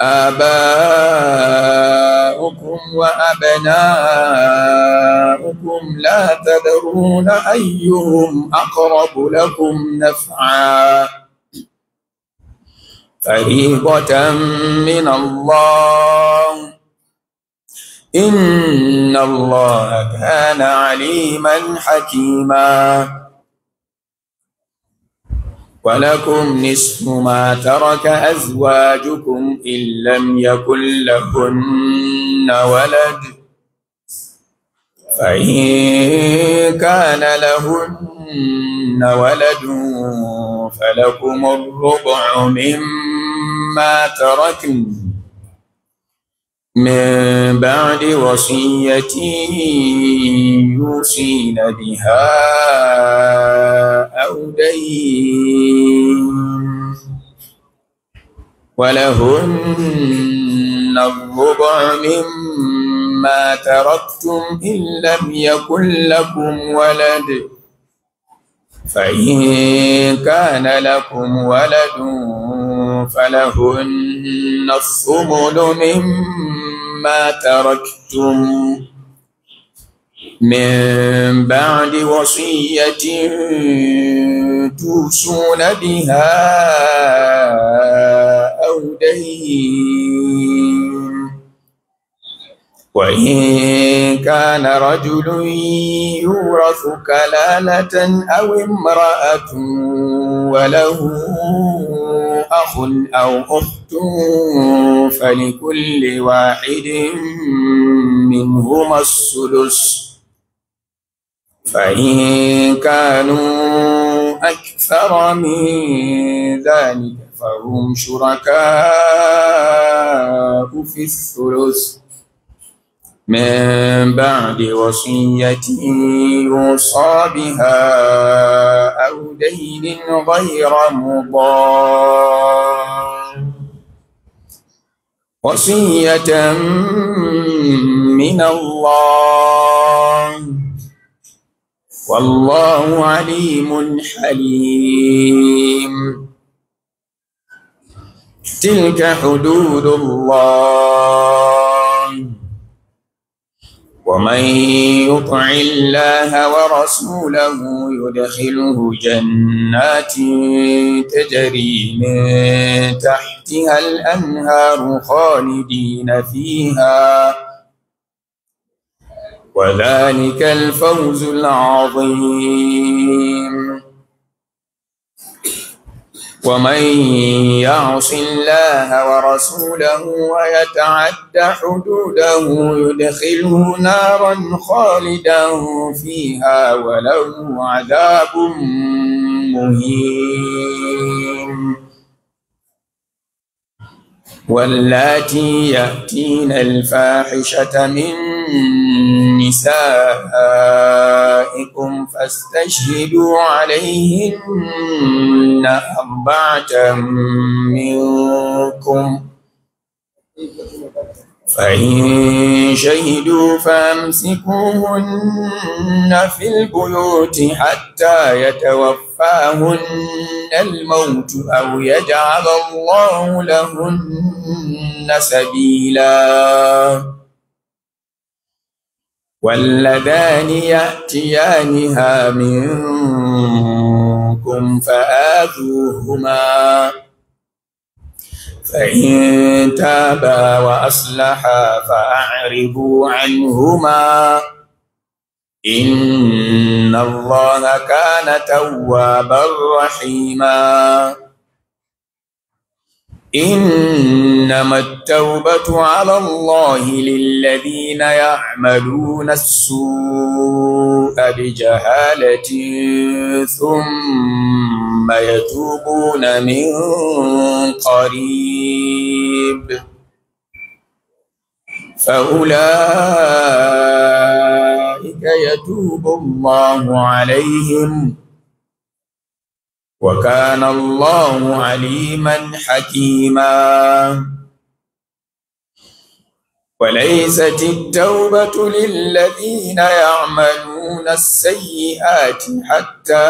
آباؤكم وأبناؤكم لا تدرون أيهم أقرب لكم نفعا فريضة من الله إن الله كان عليما حكيما ولكم نصف ما ترك أزواجكم إن لم يكن لهن ولد فإن كان لهن ولد فلكم الربع مما تركن من بعد وصية يوصين بها أو دين ولهن الربع مما تركتم إن لم يكن لكم ولد فإن كان لكم ولد فلهن الثمن مما ما تركتم من بعد وصية توصون بها أو دين وإن كان رجل يورث كلالة أو امرأة وله أخ أو أخت فلكل واحد منهما السدس فإن كانوا أكثر من ذلك فهم شركاء في الثلث من بعد وصية يوصى بها أو دين غير مضار وصية من الله والله عليم حليم تلك حدود الله ومن يطع الله ورسوله يدخله جنات تجري من تحتها الأنهار خالدين فيها وذلك الفوز العظيم ومن يعص الله ورسوله ويتعد حدوده يدخله نارا خالدا فيها وله عذاب مهين واللاتي يأتين الفاحشة من نسائكم فاستشهدوا عليهن أربعة منكم فإن شهدوا فامسكوهن في البيوت حتى يتوفوا يتوفاهن الموت أو يجعل الله لهن سبيلا واللذان يأتيانها منكم فآذوهما فإن تابا وأصلحا فأعرضوا عنهما إن الله كان توابا رحيما إنما التوبة على الله للذين يعملون السوء بجهالة ثم يتوبون من قريب فأولئك يتوب الله عليهم وكان الله عليما حكيما وليست التوبة للذين يعملون السيئات حتى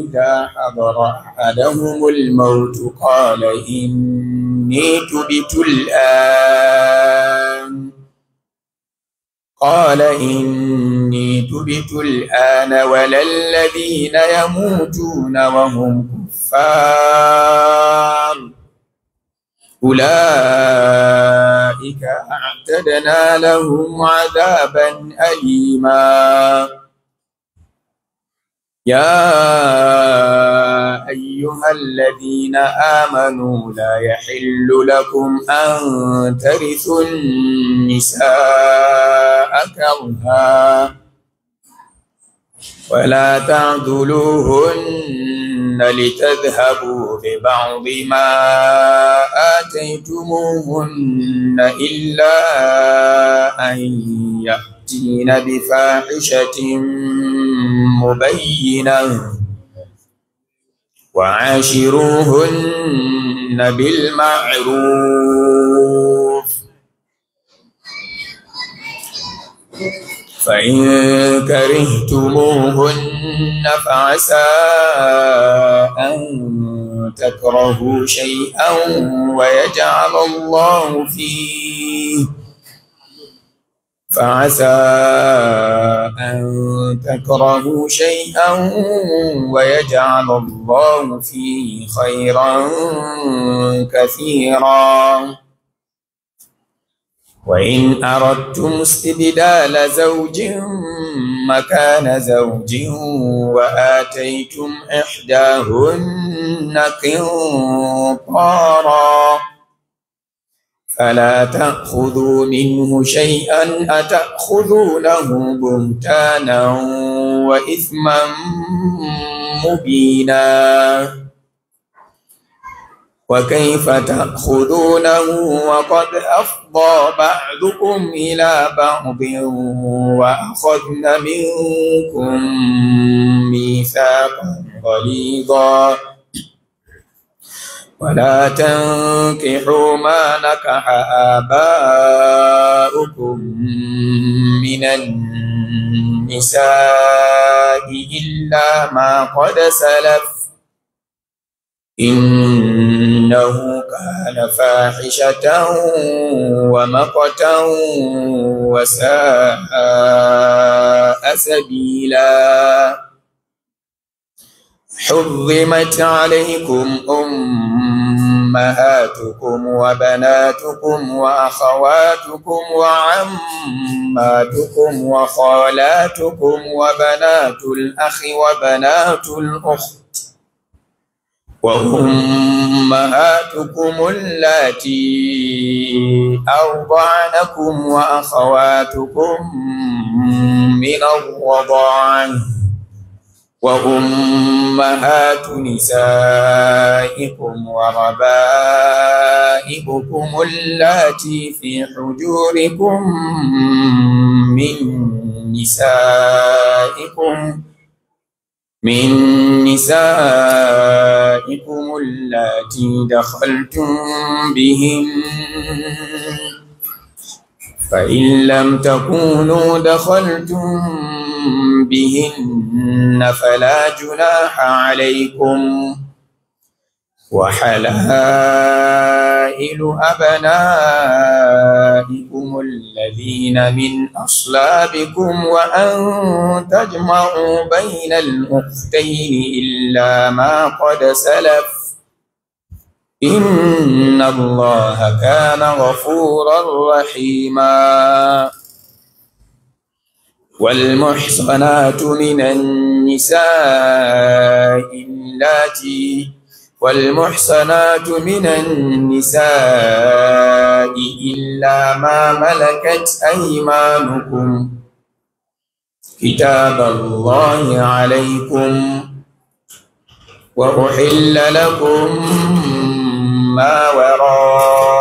إذا حضر أحدهم الموت قال إني تبت الآن قال إني تبت الآن ولا الذين يموتون وهم كفار أولئك أعتدنا لهم عذابا أليماً يا أيها الذين آمنوا لا يحل لكم أن ترثوا النساء كرها ولا تعذلوهن لتذهبوا ببعض ما آتيتموهن إلا أن يأتوا يأتين بفاحشة مبينة وعاشروهن بالمعروف فإن كرهتموهن فعسى أن تكرهوا شيئا ويجعل الله فيه فعسى أن تكرهوا شيئا ويجعل الله فيه خيرا كثيرا وإن أردتم استبدال زوج مكان زوج وآتيتم إحداهن قنطارا فلا تأخذوا منه شيئا أتأخذونه بهتانا وإثما مبينا وكيف تأخذونه وقد أفضى بعضكم إلى بعض وأخذن منكم ميثاقا غليظا ولا تنكحوا ما نكح آباؤكم من النساء إلا ما قد سلف إنه كان فاحشة ومقتا وساء سبيلا حرمت عليكم أمهاتكم وبناتكم وأخواتكم وعماتكم وخالاتكم وبنات الأخ وبنات الأخت وأمهاتكم اللاتي أرضعنكم وأخواتكم من الرضاعه وأمهات نسائكم وربائبكم اللاتي في حجوركم من نسائكم من نسائكم اللاتي دخلتم بهن فإن لم تكونوا دخلتم بهن فلا جناح عليكم وحلائل أبنائكم الذين من أصلابكم وأن تجمعوا بين الأختين إلا ما قد سلف إن الله كان غفورا رحيما والمحصنات من النساء اللاتي والمحصنات من النساء إلا ما ملكت أيمانكم كتاب الله عليكم وأحل لكم ما وراء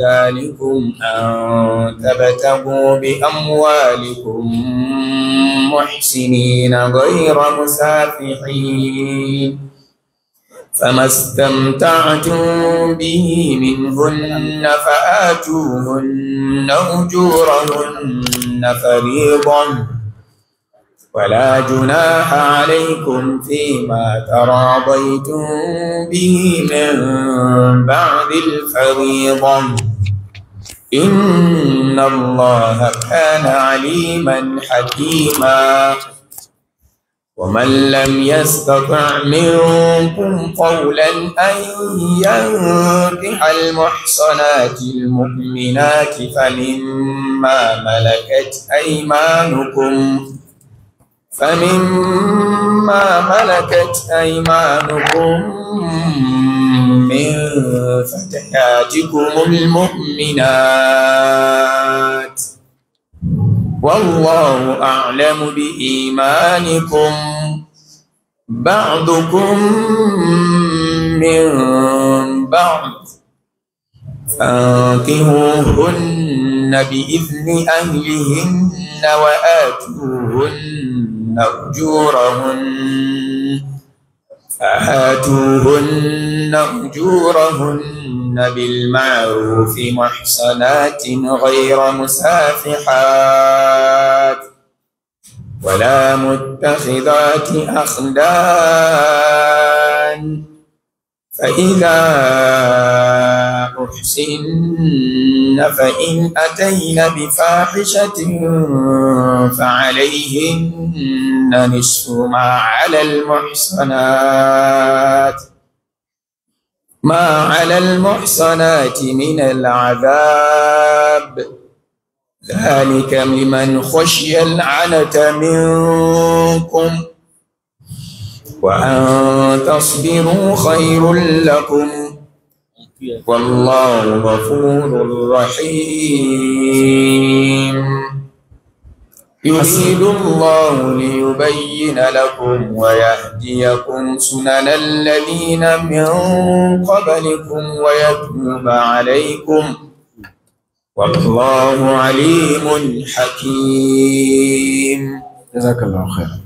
ذلكم أن تبتغوا بأموالكم محسنين غير مسافحين فما استمتعتم به منهن فآتوهن أجورهن فريضا ولا جناح عليكم فيما تراضيتم به من بعد الفريضة إن الله كان عليما حكيما ومن لم يستطع منكم قولا أن ينكح المحصنات المؤمنات فمما ملكت أيمانكم فمما ملكت أيمانكم من فتياتكم المؤمنات والله أعلم بإيمانكم بعضكم من بعض فانكهوهن بإذن أهلهن وآتوهن أجورهن فآتوهن أجورهن بالمعروف محصنات غير مسافحات ولا متخذات أخدان فإذا أحسن فإن أتين بفاحشة فعليهن نصف ما على المحصنات ما على المحصنات من العذاب ذلك لمن خشي العنة منكم وأن تصبروا خير لكم والله غفور رحيم يريد الله ليبين لكم ويهديكم سنن الذين من قبلكم ويتوب عليكم والله عليم حكيم جزاك الله خيرا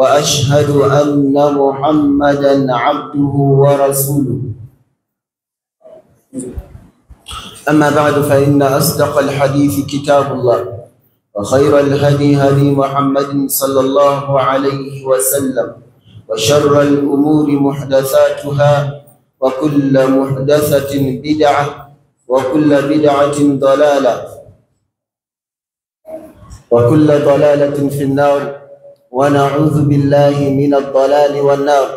واشهد ان محمدا عبده ورسوله اما بعد فان اصدق الحديث كتاب الله وخير الهدي هدي محمد صلى الله عليه وسلم وشر الامور محدثاتها وكل محدثه بدعه وكل بدعه ضلاله وكل ضلاله في النار ونعوذ بالله من الضلال والنار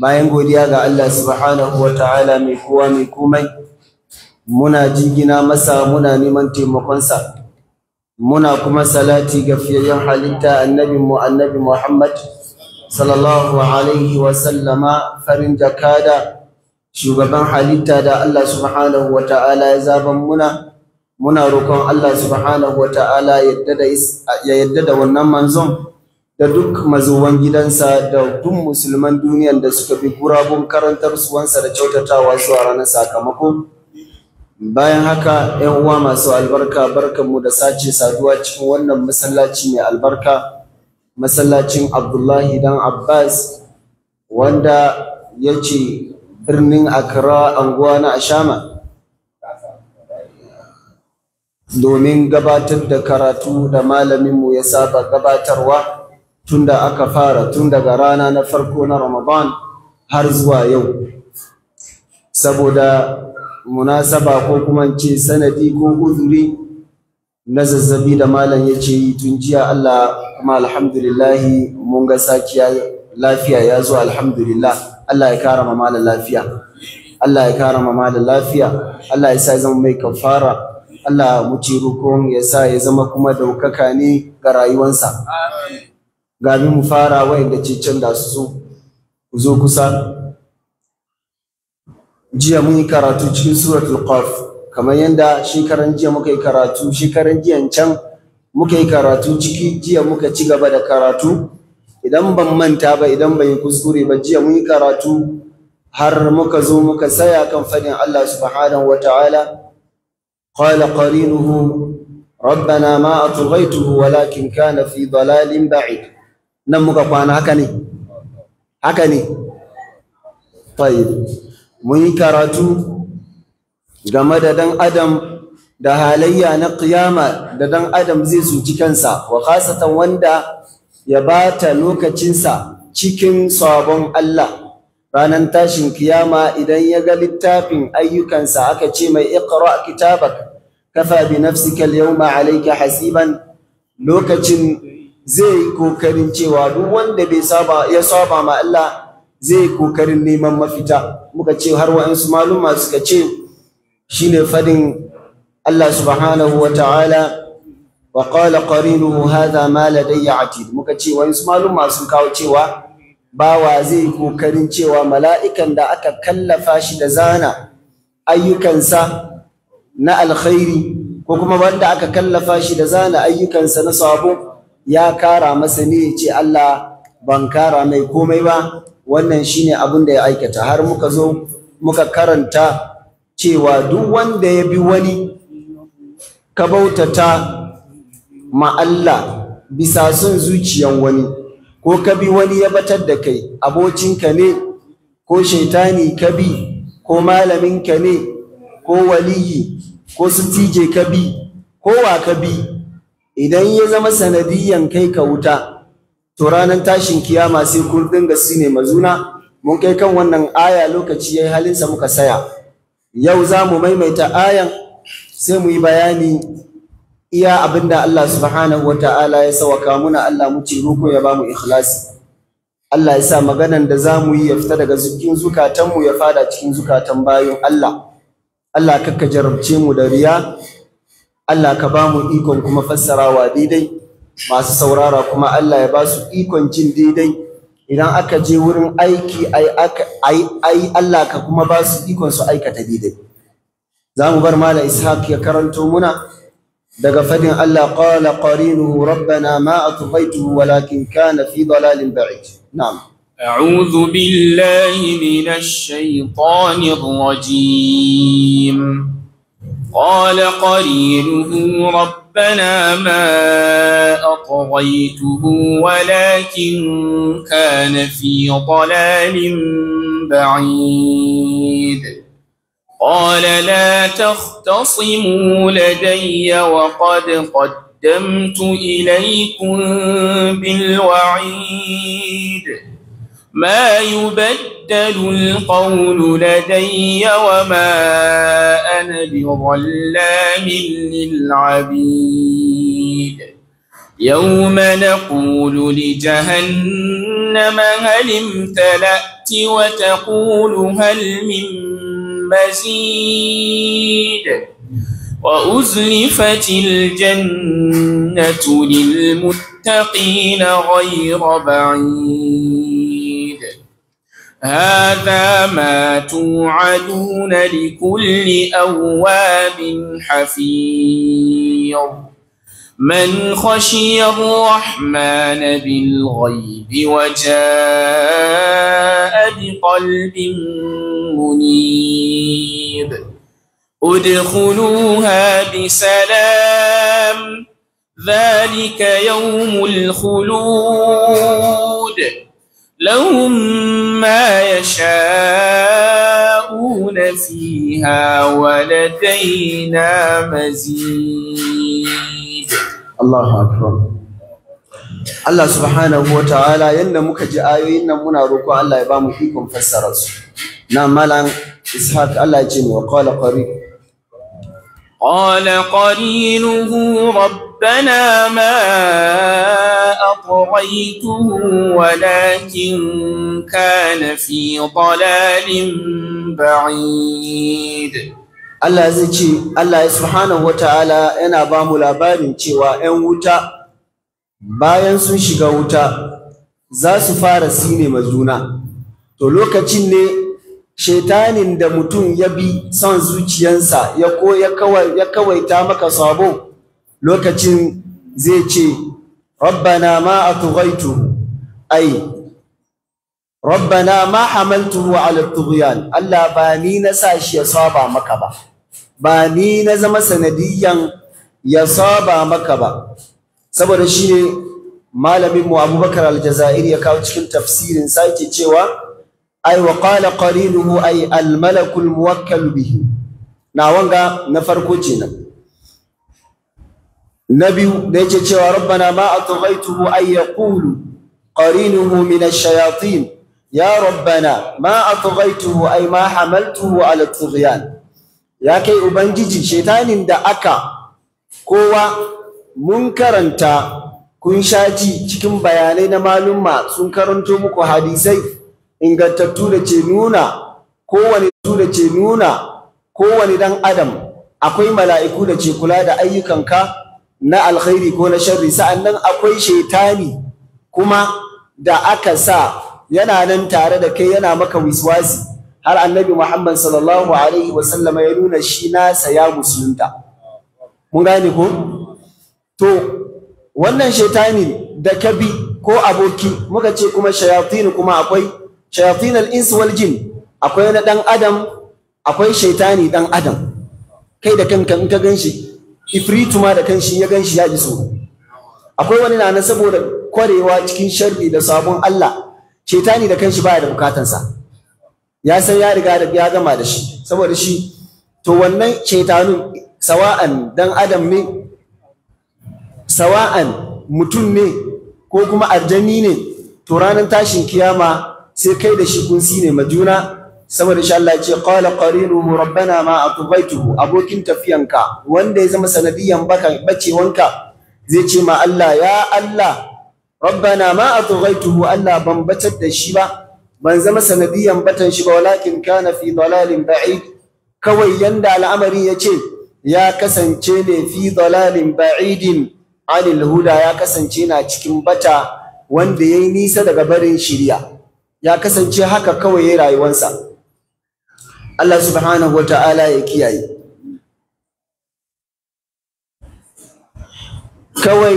bayan godiya ga Allah subhanahu wa ta'ala mai kowa mai komai muna jingina masa muna neman taimakonsa muna kuma salati ga fiyayyen halitta annabi mu annabi Muhammad sallallahu alaihi wa sallama farin jakada shugaban halitta da Allah subhanahu wa ta'ala ya zaban muna muna roƙon Allah subhanahu wa ta'ala ya yadda da wannan manzon da duk mazuwan gidansa da duk musulman duniyan da suka bi gurabun karantar suwansa da kyautatawa zuwa ranar sakamako bayan haka yan uwa masu albarka barkanmu da sace saduwa cikin wannan masallaci mai albarka masallacin abdullahi dan abbas wanda ya ce birnin akra anguwa na Ashama domin gabatar da karatu da malaminmu ya saba gabatarwa tunda aka fara tun daga rana na farko na Ramadan har zuwa yau saboda munasaba ko kuma ce sanadi ko uzuri na zazzabi da malam ya ce tun jiya Allah kuma alhamdulillahi mun ga sakiya lafiya ya zo alhamdulillah Allah ya kara ma malam lafiya Allah ya kara ma malam lafiya Allah ya sa zama mai kafara Allah mu ci rukun ya sa ya zama kuma daukaka ne ga rayuwansa gami mu fara wa'inda ce canza su ku zo kusa jiya mun yi karatu cikin suratul qaf kamar yadda shekaran jiya muka yi karatu shekaran jiyan can muka yi karatu ciki jiya muka ci gaba da karatu idan ban manta ba idan ban yi kuskure ba jiya mun yi karatu har muka zo muka saya kan fadin Allah subhanahu wata'ala ta'ala qala qarinuhu rabbana ma أطغيته walakin kana fi dalalin ba'id nan muka kwana haka ne haka ne tayyib mun yi karatu game da dan adam da halayya na ƙiyama da dan adam zai zuci kansa wa khasatan wanda ya bata lokacinsa cikin sabon Allah ranar tashin kiyama idan ya ga littafin ayyukansa aka ce mai iqra kitabak kafa bi nafsika al-yawma alayka hasiban lokacin zai yi kokarin cewa duk wanda bai saba ya saba ma Allah zai yi kokarin neman mafita muka ce har wa'ansu maluma suka ce shine fadin Allah subhanahu wa ta'ala wa qala qarinuhu hadha ma ladayya atid muka ce wa'ansu maluma sun kawo cewa bawa zai yi kokarin cewa mala'ikan da aka kallafa shi da zana ayyukansa na alkhairi ko kuma wanda aka kallafa shi da zana ayyukansa na sabo ya kara masa ne ce Allah ban kara mai komai ba wannan shine abin da ya aikata har muka zo muka karanta cewa duk wanda ya bi wani ka bautata ma Allah bisa son zuciyan wani ko ka bi wani ya batar da kai abocinka ne ko shaitani ka bi ko malaminka ne ko waliyi ko sutije ka bi ko wa ka bi idan ya zama sanadiyan kai ka wuta to ranar tashin kiyama sai kun dinga sine mazuna mun kai kan wannan aya lokaci yayi halinsa muka saya yau za mu maimaita ayan sai mu yi bayani iya abinda Allah subhanahu Ta'ala ya sawaka muna Allah mu ce ruku ya bamu ikhlasi Allah ya sa maganan da za mu yi ya fita daga cikin zukatanmu ya fada cikin zukatan bayan Allah Allah kakka jarabce mu da riya Allah ka ba mu ikon kuma fassarawa daidai masu saurara kuma Allah ya ba su ikon jin daidai idan aka je wurin aiki ai ai Allah ka kuma ba su ikon su aikata daidai za mu bar mala ishaq ya karanto muna daga fadin Allah qala qarinuhu rabbana ma atghaytuhu walakin kana fi dalalin ba'id na'am أعوذ بالله من الشيطان قال قرينه ربنا ما أطغيته ولكن كان في ضلال بعيد قال لا تختصموا لدي وقد قدمت إليكم بالوعيد ما يبدل القول لدي وما أنا بظلام للعبيد يوم نقول لجهنم هل امتلأت وتقول هل من مزيد وأزلفت الجنة للمتقين غير بعيد هذا ما توعدون لكل أواب حفيظ من خشي الرحمن بالغيب وجاء بقلب منيب ادخلوها بسلام ذلك يوم الخلود لهم ما يشاءون فيها ولدينا مزيد الله أكبر Allah subhanahu wa ta'ala yadda muka ji ayoyin nan muna roko Allah ya ba mu ikon fassara su. Na malam Ishaq Allah ya ce wa qala qari. Qala qarinuhu rabb ربنا ما أطغيته ولكن كان في ضلال بعيد Allah zai ce Allah subhanahu wataala yana ba mu labarin cewa 'yan wuta bayan sun shiga wuta za su fara sine mazuna to lokacin ne shaitanin da mutum ya bi son zuciyansa ya kawaita maka sabo lokacin zai ce rabbana ma tughaitu ai rabbana ma wa ala tughyan Allah ba ni na sa shi ya saba maka ba ba ni na zama sanadiyan ya saba maka ba saboda shi ne malamin mu Abubakar Aljazairi ya kawo cikin tafsirin sa yake cewa ai wa qala qarinuhu ai al malakul muwakkal bihi na wanga na farko kenan na biyu da yake cewa rabbana ma atghaytuhu ay yaqulu qarinuhu min ash-shayatin ya rabbana ma atghaytuhu ay ma hamaltuhu ala tughyan ya kai ubangiji shaytanin da aka kowa mun karanta kun shaji cikin bayanai na malumma sun karanto muku hadisai ingantattu da ce nuna kowane su da ce nuna kowane dan adam akwai mala'iku da ce kula da ayyukanka na alkhairi ko na sharri sa'annan akwai shaitani kuma da aka sa yana nan tare da kai yana maka wiswasi har annabi Muhammad sallallahu alaihi ya nuna shi na saya musulunta mun gane ko to wannan shaitani da ka ko aboki muka ce kuma shayatin kuma akwai shayatin al-ins wal jin akwai na dan adam akwai shaitani dan adam kai da kanka in ka ganshi ifritu ma da kanshi ya ganshi ya iso akwai wani na saboda kwarewa cikin sharri da sabon Allah cetani da kanshi baya da sa. ya san ya riga da ya gama da shi saboda shi to wannan shetanun sawa'an dan adam ne sawa'an mutum ne ko kuma aljani ne to ranar tashin kiyama sai kai da shi kun ne ma juna saboda insha Allah ce qala qarinuhu rabbana ma atubaituhu abokin tafiyanka wanda ya zama sanadiyan baka bacewanka zai ce ma Allah ya Allah rabbana ma atubaituhu Allah ban batar da shi ba ban zama sanadiyan batan shi ba walakin kana fi dalalin ba'id kawai yanda al'amari ya ce ya kasance ne fi dalalin ba'idin Ali huda ya kasance na cikin bata wanda yayi nisa daga barin shiriya. ya kasance haka kawai yayi rayuwarsa. Allah subhanahu wa ta'ala ya kiyaye kawai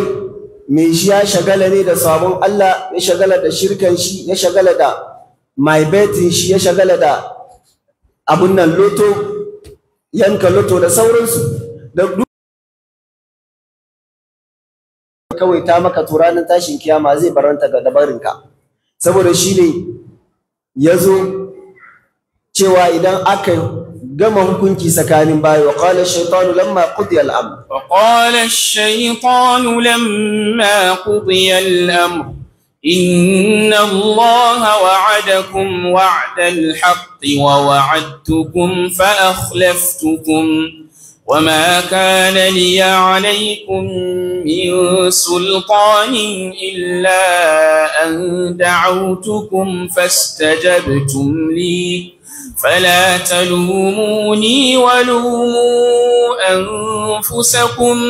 mai shi ya shagala ne da sabon Allah ya shagala da shirkan shi ya shagala da mai betin shi ya shagala da abun nan loto yanka loto da sauransu da kawai ta maka turanin tashin kiyama zai baranta ga dabarinka saboda shi ne ya zo cewa idan aka gama hukunci tsakanin bayi wa qala ash-shaytanu lamma qudiya al-amr wa qala ash-shaytanu lamma qudiya al-amr wa'da al وعدكم wa wa'adtukum fa akhlaftukum وما كان لي عليكم من سلطان إلا أن دعوتكم فاستجبتم لي فلا تلوموني ولوموا أنفسكم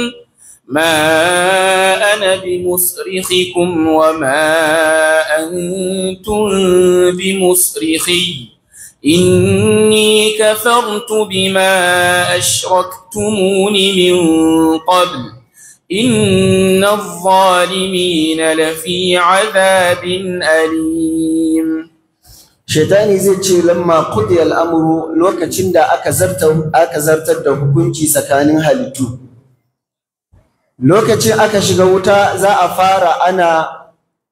ما أنا بمصرخكم وما أنتم بمصرخي إني كفرت بما أشركتمون من قبل إن الظالمين لفي عذاب أليم shaitani zai ce lamma kudi al'amuru lokacin da aka zartar da hukunci tsakanin halittu lokacin aka shiga wuta za a fara ana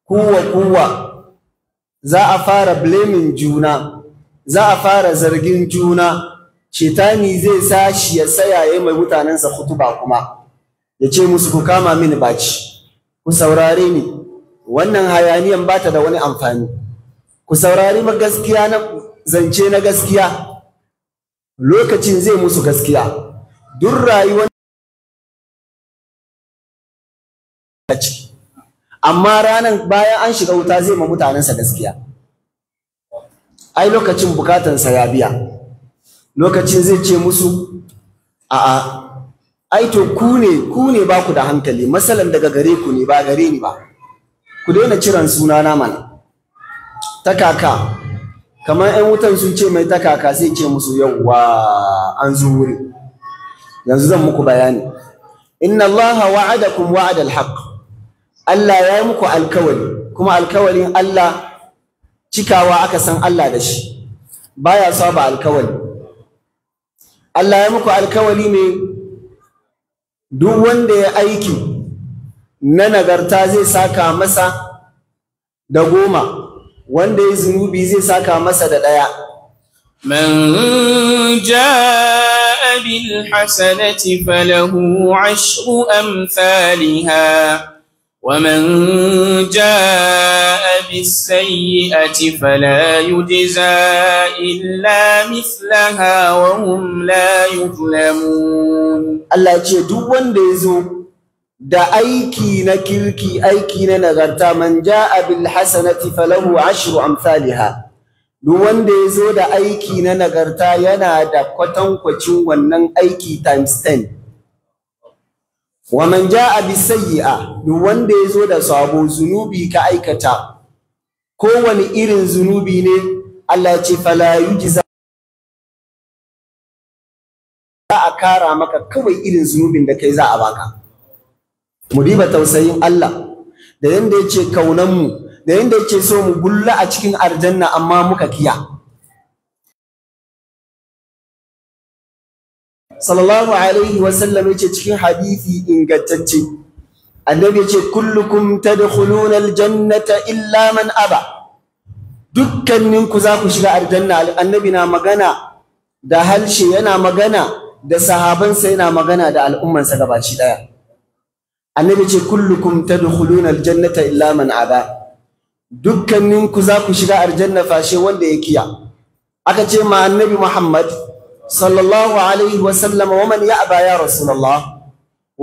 kuwa kuwa za a fara blaming juna za a fara zargin juna shaitani zai sa shi ya tsaya ya mai mutanensa kutuba. kuma ya ce musu ku kama mini baci ku saurare ni wannan hayaniyan bata da wani amfani ku saurari ma gaskiya na zance na gaskiya lokacin zai musu gaskiya duk rayuwar ce amma ranar bayan an shiga wuta zai ma mutanensa gaskiya ai lokacin bukatansa ya biya lokacin zai ce musu a'a ai to ku ne ku ne ba ku da hankali masalan daga gare ku ne ba gare ni ba ku daina ciran sunana mana ta kaka kamar 'yan wutan sun ce mai ta kaka sai ce musu yawwa an zo wuri yanzu zan muku bayani inna allaha wa'adakum wa'adal haqq Allah ya yi muku alkawari kuma alkawarin Allah cikawa aka san Allah da shi baya saba alkawari Allah ya muku alkawari ne duk wanda ya aiki na nagarta zai saka masa da goma wanda ya zunubi zai saka masa da ɗaya man ja'a bil hasanati falahu ashru amsalha ومن جاء بالسيئة فلا يجزى إلا مثلها وهم لا يظلمون الله يجي duk wanda yazo da aiki na kirki aiki na nagarta man ja'a bil hasanati falahu ashru amsalha duk wanda ya zo da aiki na nagarta yana da kwatankwacin wannan aiki times 10 wa man ja'a bis sayyi'a duk wanda ya zo da sabo zunubi ka aikata kowane irin zunubi ne Allah ce fala yujza za a kara maka kawai irin zunubin da kai za a baka mu riba tausayin Allah da yanda yake kaunan mu da yanda yake so mu gulla a cikin aljanna amma muka kiya sallallahu alaihi sallam yace cikin hadisi ingantacce annabi yake kullukum tadkhuluna aljannata illa man aba dukkaninku za ku shiga aljanna annabi na magana da halshe yana magana da sahabansa yana magana da al'ummansa gabaci daya annabi ce kullukum tadkhuluna aljannata illa man aba dukkanin ku za ku shiga aljanna fashe wanda ya kiya aka ce ma annabi muhammad sallallahu alaihi wa sallam wa man aba ya rasulullah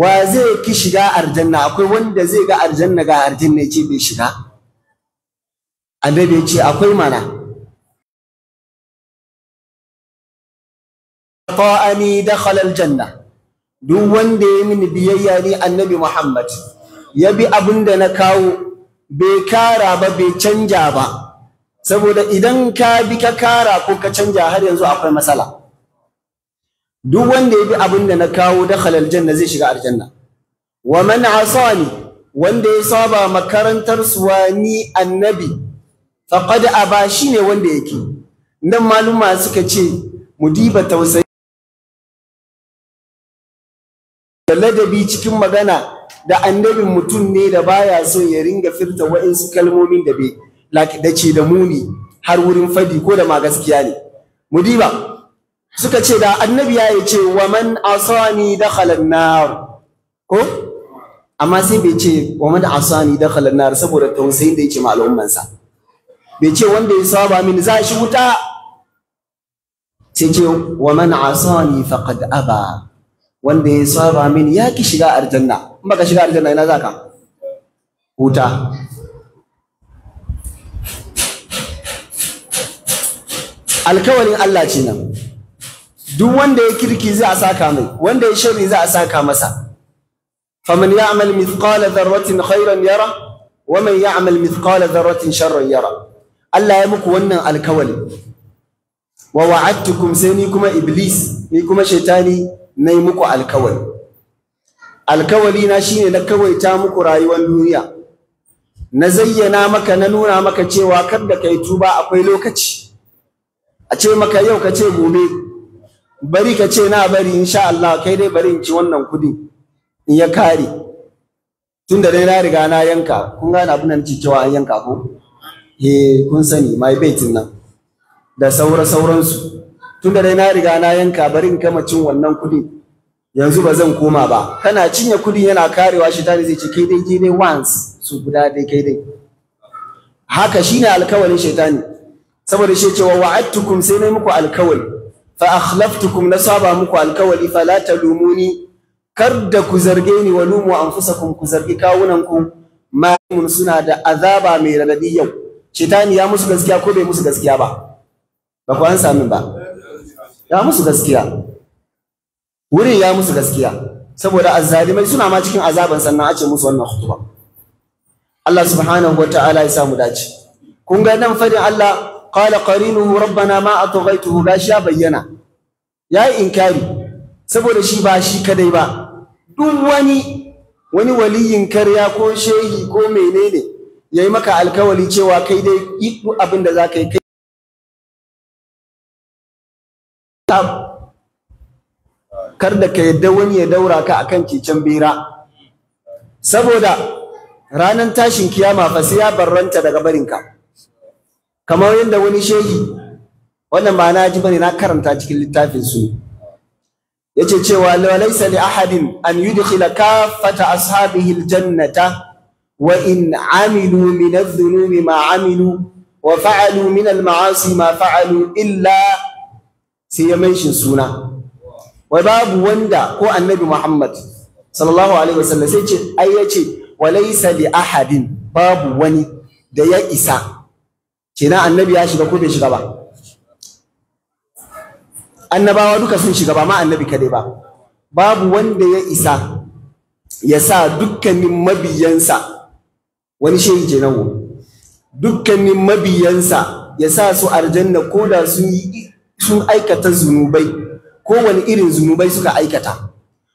wa zai ki shiga aljanna akwai wanda zai ga aljanna ga aljanna ce bai shiga annabi ce akwai mana ta'ani dakhala aljanna duk wanda ya mini biyayya ni annabi Muhammad ya bi abin da na kawo bai kara ba bai canja ba saboda idan ka bi ka kara ko ka canja har yanzu akwai matsala duk wanda ya bi abin da na kawo da halal janna zai shiga aljanna wa man asani wanda ya saba makarantar suwani annabi faqad aba shine wanda yake nan maluma suka ce mudiba tausayi da ladabi cikin magana da annabin mutum ne da baya so ya ringa firta wa'insu kalmomin da bai da ce da muni har wurin fadi ko da ma gaskiya ne mudiba suka ce da annabi ya ce wa man asani da halannar ko amma sai bai ce wa man asani da halannar saboda tausayin da yake ce al'ummansa bai ce wanda ya saba min za shi wuta sai ce wa man asani faqad aba wanda ya saba min ya ki shiga aljanna in baka shiga aljanna ina zaka huta alkawarin Allah ce nan duk wanda ya kirki zai a saka mai wanda ya shari zai a saka masa faman ya'mal mithqala dharratin khairan yara wa man ya'mal mithqala dharratin sharran yara Allah ya muku wannan alkawarin wa wa'adtukum sai ni kuma iblis ni kuma shaitani na yi muku alkawari alkawari na shine na kawaita muku rayuwar duniya na zayyana maka na nuna maka cewa kar da kai tuba akwai lokaci a ce maka yau ka ce gobe bari ka ce na bari insha Allah kai dai bari in ci wannan kudi in ya kare tunda dai na riga na yanka kun gane abin nan cewa an yanka ko eh kun sani my bet nan da saura sauransu tunda dai na riga na yanka bari in kama cin wannan kuɗi yanzu ba zan koma ba kana cinye kuɗin yana karewa shi tani zai ce kai dai dai once su guda dai kai dai haka shine alkawarin shaitani saboda shi cewa wa'adtukum sai nayi muku alkawari fa akhlaftukum na saba muku alkawari fala talumuni kar da ku zarge ni wa lumu anfusakum ku zargi kawunan ku mun suna da azaba mai radadi yau shaitani ya musu gaskiya ko bai musu gaskiya ba ba ku an sami ba ya musu gaskiya wurin ya musu gaskiya saboda azzalimai suna ma cikin azaban sannan a ce musu wannan khutba Allah subhanahu wataala ya samu dace kun ga nan fadin Allah qala qarinuhu rabbana ma atghaytuhu gashi ya bayyana yayi inkari saboda shi ba shi kadai ba duk wani wani waliyin karya ko shehi ko menene yayi maka alkawali cewa kai dai duk abin da zaka yi tab kar da ka yadda wani ya daura ka akan keken bera saboda ranar tashin kiyama fa sai ya barranta daga barinka kamar yadda wani shehi wannan ba na ji bane na karanta cikin littafin su yace cewa laysa li ahadin an yudkhila kaffata ashabihi aljannata wa in amilu min adh-dhunubi ma amilu wa fa'alu min al-ma'asi ma fa'alu illa sai ya menshin suna wai babu wanda ko annabi Muhammad sallallahu alaihi wasallam sai ce ai ya ce walaysa li ahadin babu wani da ya isa kenan annabi ya shiga ko bai shiga ba annabawa duka sun shiga ba ma annabi kade ba babu wanda ya isa ya sa dukkanin mabiyansa wani shehi kenan dukkanin mabiyansa ya sa su aljanna ko da sun yi sun aikata zunubai kowane irin zunubai suka aikata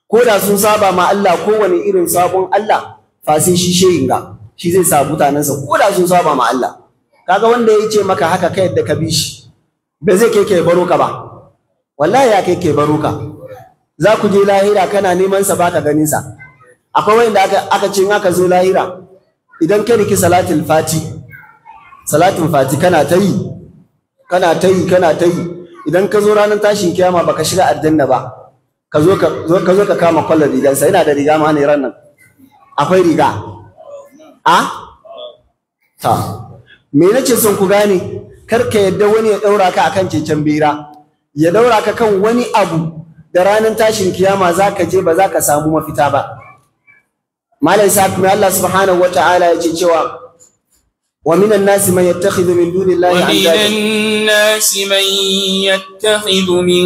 ko da sun saba ma Allah kowane irin sabon Allah fasin shi shehin ga shi zai sa mutanensa ko da sun saba ma Allah kaga wanda ya ce maka haka kai yadda ka bi shi ba zai kai kai baro ka ba wallahi ya kai kai baro ka za ku je lahira kana neman sa baka ganin sa akwai wanda aka aka ce in aka zo lahira idan ka riki salatul fati salatul fati kana ta yi kana ta yi kana ta yi idan ka zo ranar tashin kiyama baka shiga aljanna ba ka zo ka zo ka kama kwallon rigansa ina da riga ma ne ran nan akwai riga a ta me nace son ku gane kar ka yadda wani ya daura ka akan cecen bera ya daura ka kan wani abu da ranar tashin kiyama za ka je ba za ka samu mafita ba malam sa kuma Allah subhanahu wataala ya ce cewa ومن الناس من يتخذ من دون الله أندادا ومن الناس من يتخذ من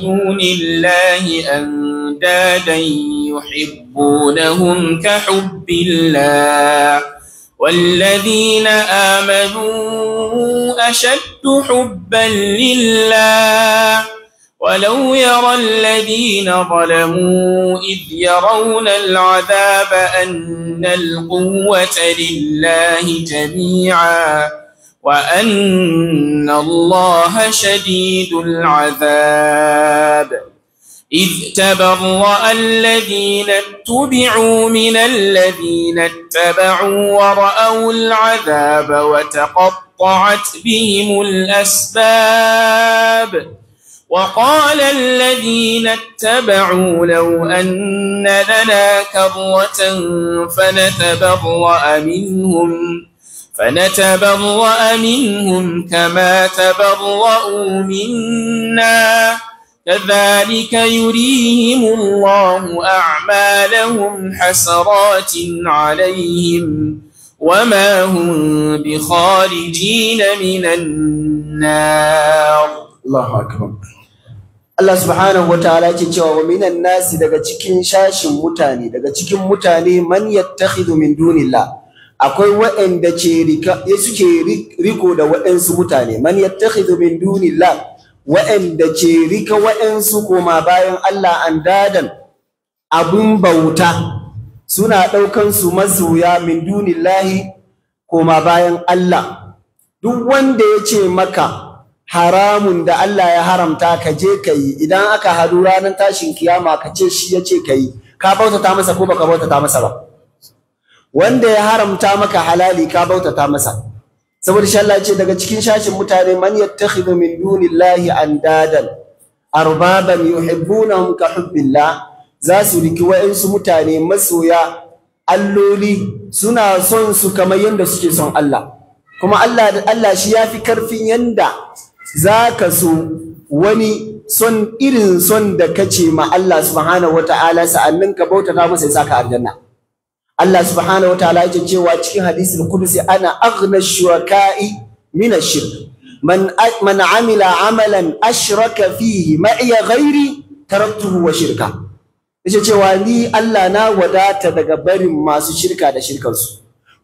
دون الله أندادا يحبونهم كحب الله والذين آمنوا أشد حبا لله ولو يرى الذين ظلموا إذ يرون العذاب أن القوة لله جميعا وأن الله شديد العذاب إذ تبرأ الذين اتبعوا من الذين اتبعوا ورأوا العذاب وتقطعت بهم الأسباب وقال الذين اتبعوا لو أن لنا كروة فنتبرأ منهم فنتبرأ منهم كما تبرأوا منا كذلك يريهم الله أعمالهم حسرات عليهم وما هم بخارجين من النار الله أكبر Allah subhanahu wa ta'ala yake cewa wa minan nasi daga cikin shashin mutane daga cikin mutane man yattakhidhu min dunillah akwai waɗanda ce rika eh, suke riko da waɗansu mutane man yattakhidhu min dunillah waɗanda ce rika waɗansu koma bayan Allah an dadan abun bauta suna ɗaukan su mazuya min dunillahi koma bayan Allah duk wanda ya ce maka haramun da Allah ya haramta ka je ka yi idan aka hadu ranar tashin kiyama ka ce shi ya ce ka yi ka bautata masa ko baka bautata masa ba wanda ya haramta maka halali ka bautata masa saboda shi Allah ce daga cikin shashin mutane man yattakhidhu min dunillahi andadan arbaban yuhibbunahum ka hubbillah za su riki wa'insu mutane masoya alloli suna son su kamar yadda suke son Allah kuma Allah Allah shi yafi karfin yanda za ka so wani son irin son da kace ma Allah subhanahu wata'ala sa'annin ka bautata masa ya saka aljanna Allah subhanahu wata'ala yake cewa cikin hadisin kudusi ana aghna shuraka'i min ash-shirk man man amila amalan ashraka fihi ma'i ghairi taraktuhu wa shirka yace cewa ni Allah na wadata daga barin masu shirka da shirkansu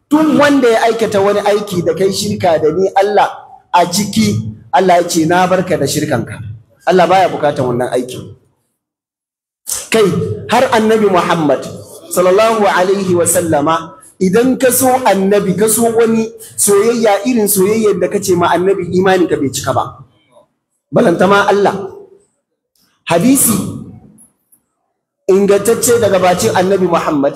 tun wanda ya aikata wani aiki da kai shirka da ni Allah a ciki Allah ya ce na barka da shirkanka Allah baya bukatan wannan aiki. kai har annabi Muhammad sallallahu alaihi wa sallama idan ka so annabi ka so wani soyayya irin soyayya da kace ma annabi imani ka bai cika ba balanta ma Allah hadisi ingantacce daga bacin annabi Muhammad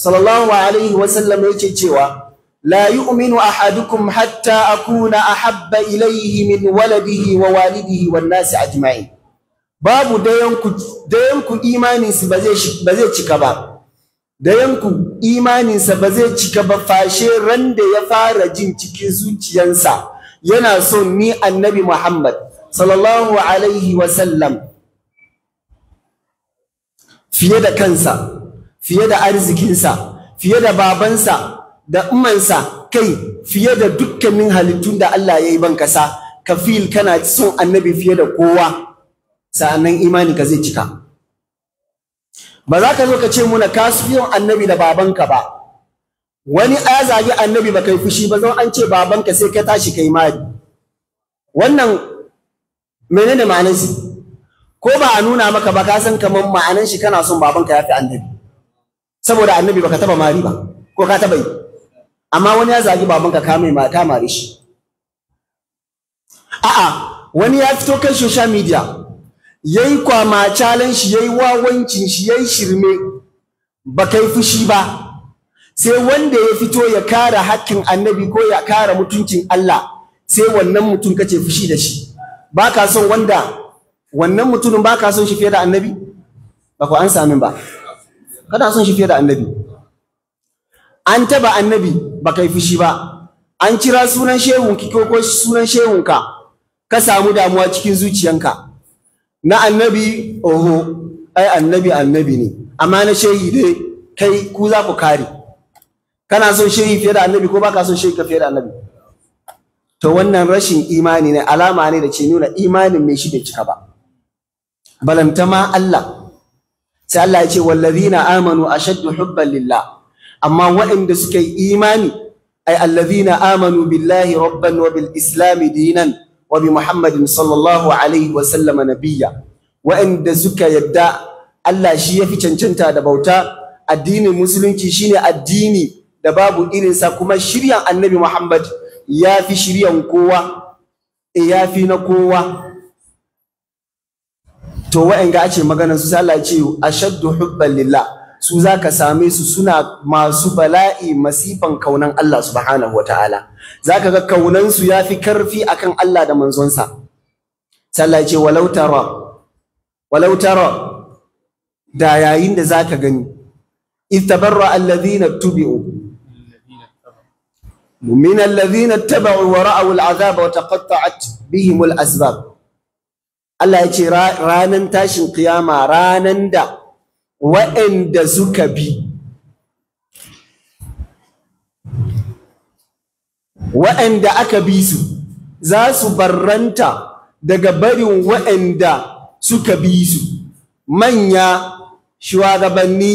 sallallahu alaihi wa sallama yake cewa لا يؤمن أحدكم حتى أكون أحب إليه من ولده ووالده والناس أجمعين babu dayanku dayanku imaninsa ba zai ba zai cika ba dayanku imaninsa ba zai cika ba fashe ran da ya fara jin cikin zuciyansa yana son ni annabi Muhammad sallallahu alaihi wa sallam fiye da kansa fiye da arzikinsa fiye da babansa da ummansa kai fiye da dukkanin halittun da Allah ya yi sa ka fil kana son annabi fiye da kowa sa'annan imani ka zai cika ba za ka zo ka ce muna ka annabi da babanka ba wani a zagi annabi ba kai fushi ba zan an ce babanka sai ka tashi kai mari wannan menene ma'anar shi ko ba a nuna maka ba ka san kamar ma'anar shi kana son babanka ya fi annabi saboda annabi baka taba mari ba ko ka taba yi amma wani ya zagi babanka ka mai mata mare shi a'a wani ya fito kan social media yayi kwama challenge yayi wawancin shi yayi shirme ba kai fushi ba sai wanda ya fito ya kare hakkin annabi ko ya kare mutuncin Allah sai wannan mutum kace fushi da shi ba ka son wanda wannan mutumin ba ka son shi fiye da annabi ba ku an sami ba kada son shi fiye da annabi an taba annabi ba kai fushi ba an kira sunan shehunki ko ko sunan shehun ka samu damuwa cikin zuciyanka na annabi oho ai annabi annabi ne amma na shehi dai kai ku za ku kare kana son shehi fiye da annabi ko baka son shehi ka fiye da annabi to wannan rashin imani ne alama ne da ce nuna imanin mai shi bai cika ba balantama ma Allah sai Allah ya ce wallazina amanu ashaddu hubban lillah amma waɗanda suka yi imani ay allazina amanu billahi rabban wa bil islam dinan wa bi muhammadin sallallahu alaihi wa sallama nabiyya waɗanda suka yadda Allah shi ya fi cancanta da bauta addinin musulunci shine addini da babu irinsa kuma shiryan annabi muhammad ya fi shiryan kowa e, ya fi na kowa to waɗanda a ce maganar su sai Allah ya ce ashaddu hubban lillah su za ka same su suna masu bala'i masifan kaunan Allah subhanahu Ta'ala). za ka ga kaunansu ya fi karfi akan Allah da manzonsa sallah ce walau walautara da yayin da za ka gani istabarra alladhina tubi'u من الذين اتبعوا ورأوا العذاب وتقطعت بهم الأسباب Allah ya ce ranan tashin kiyama ranan da wa'anda suka bi wa'anda aka bi su za su barranta daga barin wa'anda suka bi su manya shugabanni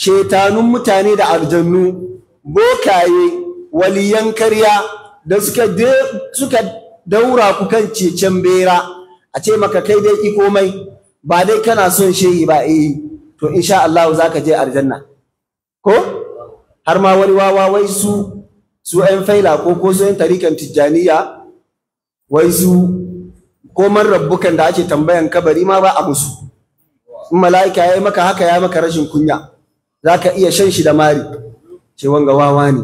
shetanun mutane da aljannu bokaye waliyan karya da suka daura ku kan cecen bera a ce maka kai dai iko mai ba dai kana son shehi ba eh to insha Allah za ka je aljanna ko har ma wani wawa wai su su ɗan faila ko ko su ɗan tarikan tijjaniya wai su man rabbukan da ake tambayan kabari ma ba a musu in mala'ika ya yi maka haka ya maka rashin kunya za ka iya shan shi da mari ce wanga wawa ne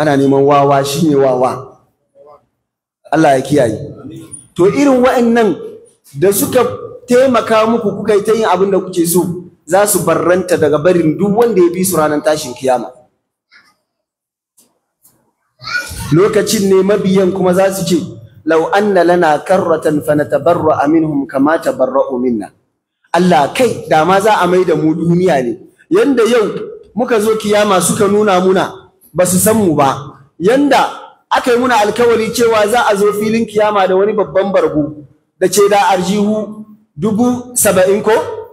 ana neman wawa shi wawa Allah ya kiyaye to irin wa'annan da suka taimaka muku kuka yi ta yin abin da kuke so za su barranta daga barin duk wanda ya bi su ranar tashin kiyama lokacin ne mabiyan kuma za su ce law anna lana karratan fa natabarra minhum kama tabarra'u minna Allah kai da ma za a maida mu duniya ne yanda yau muka zo kiyama suka nuna muna ba su san mu ba yanda aka yi muna alkawari cewa za a zo filin kiyama da wani babban bargo da ce da arjihu dubu saba'in ko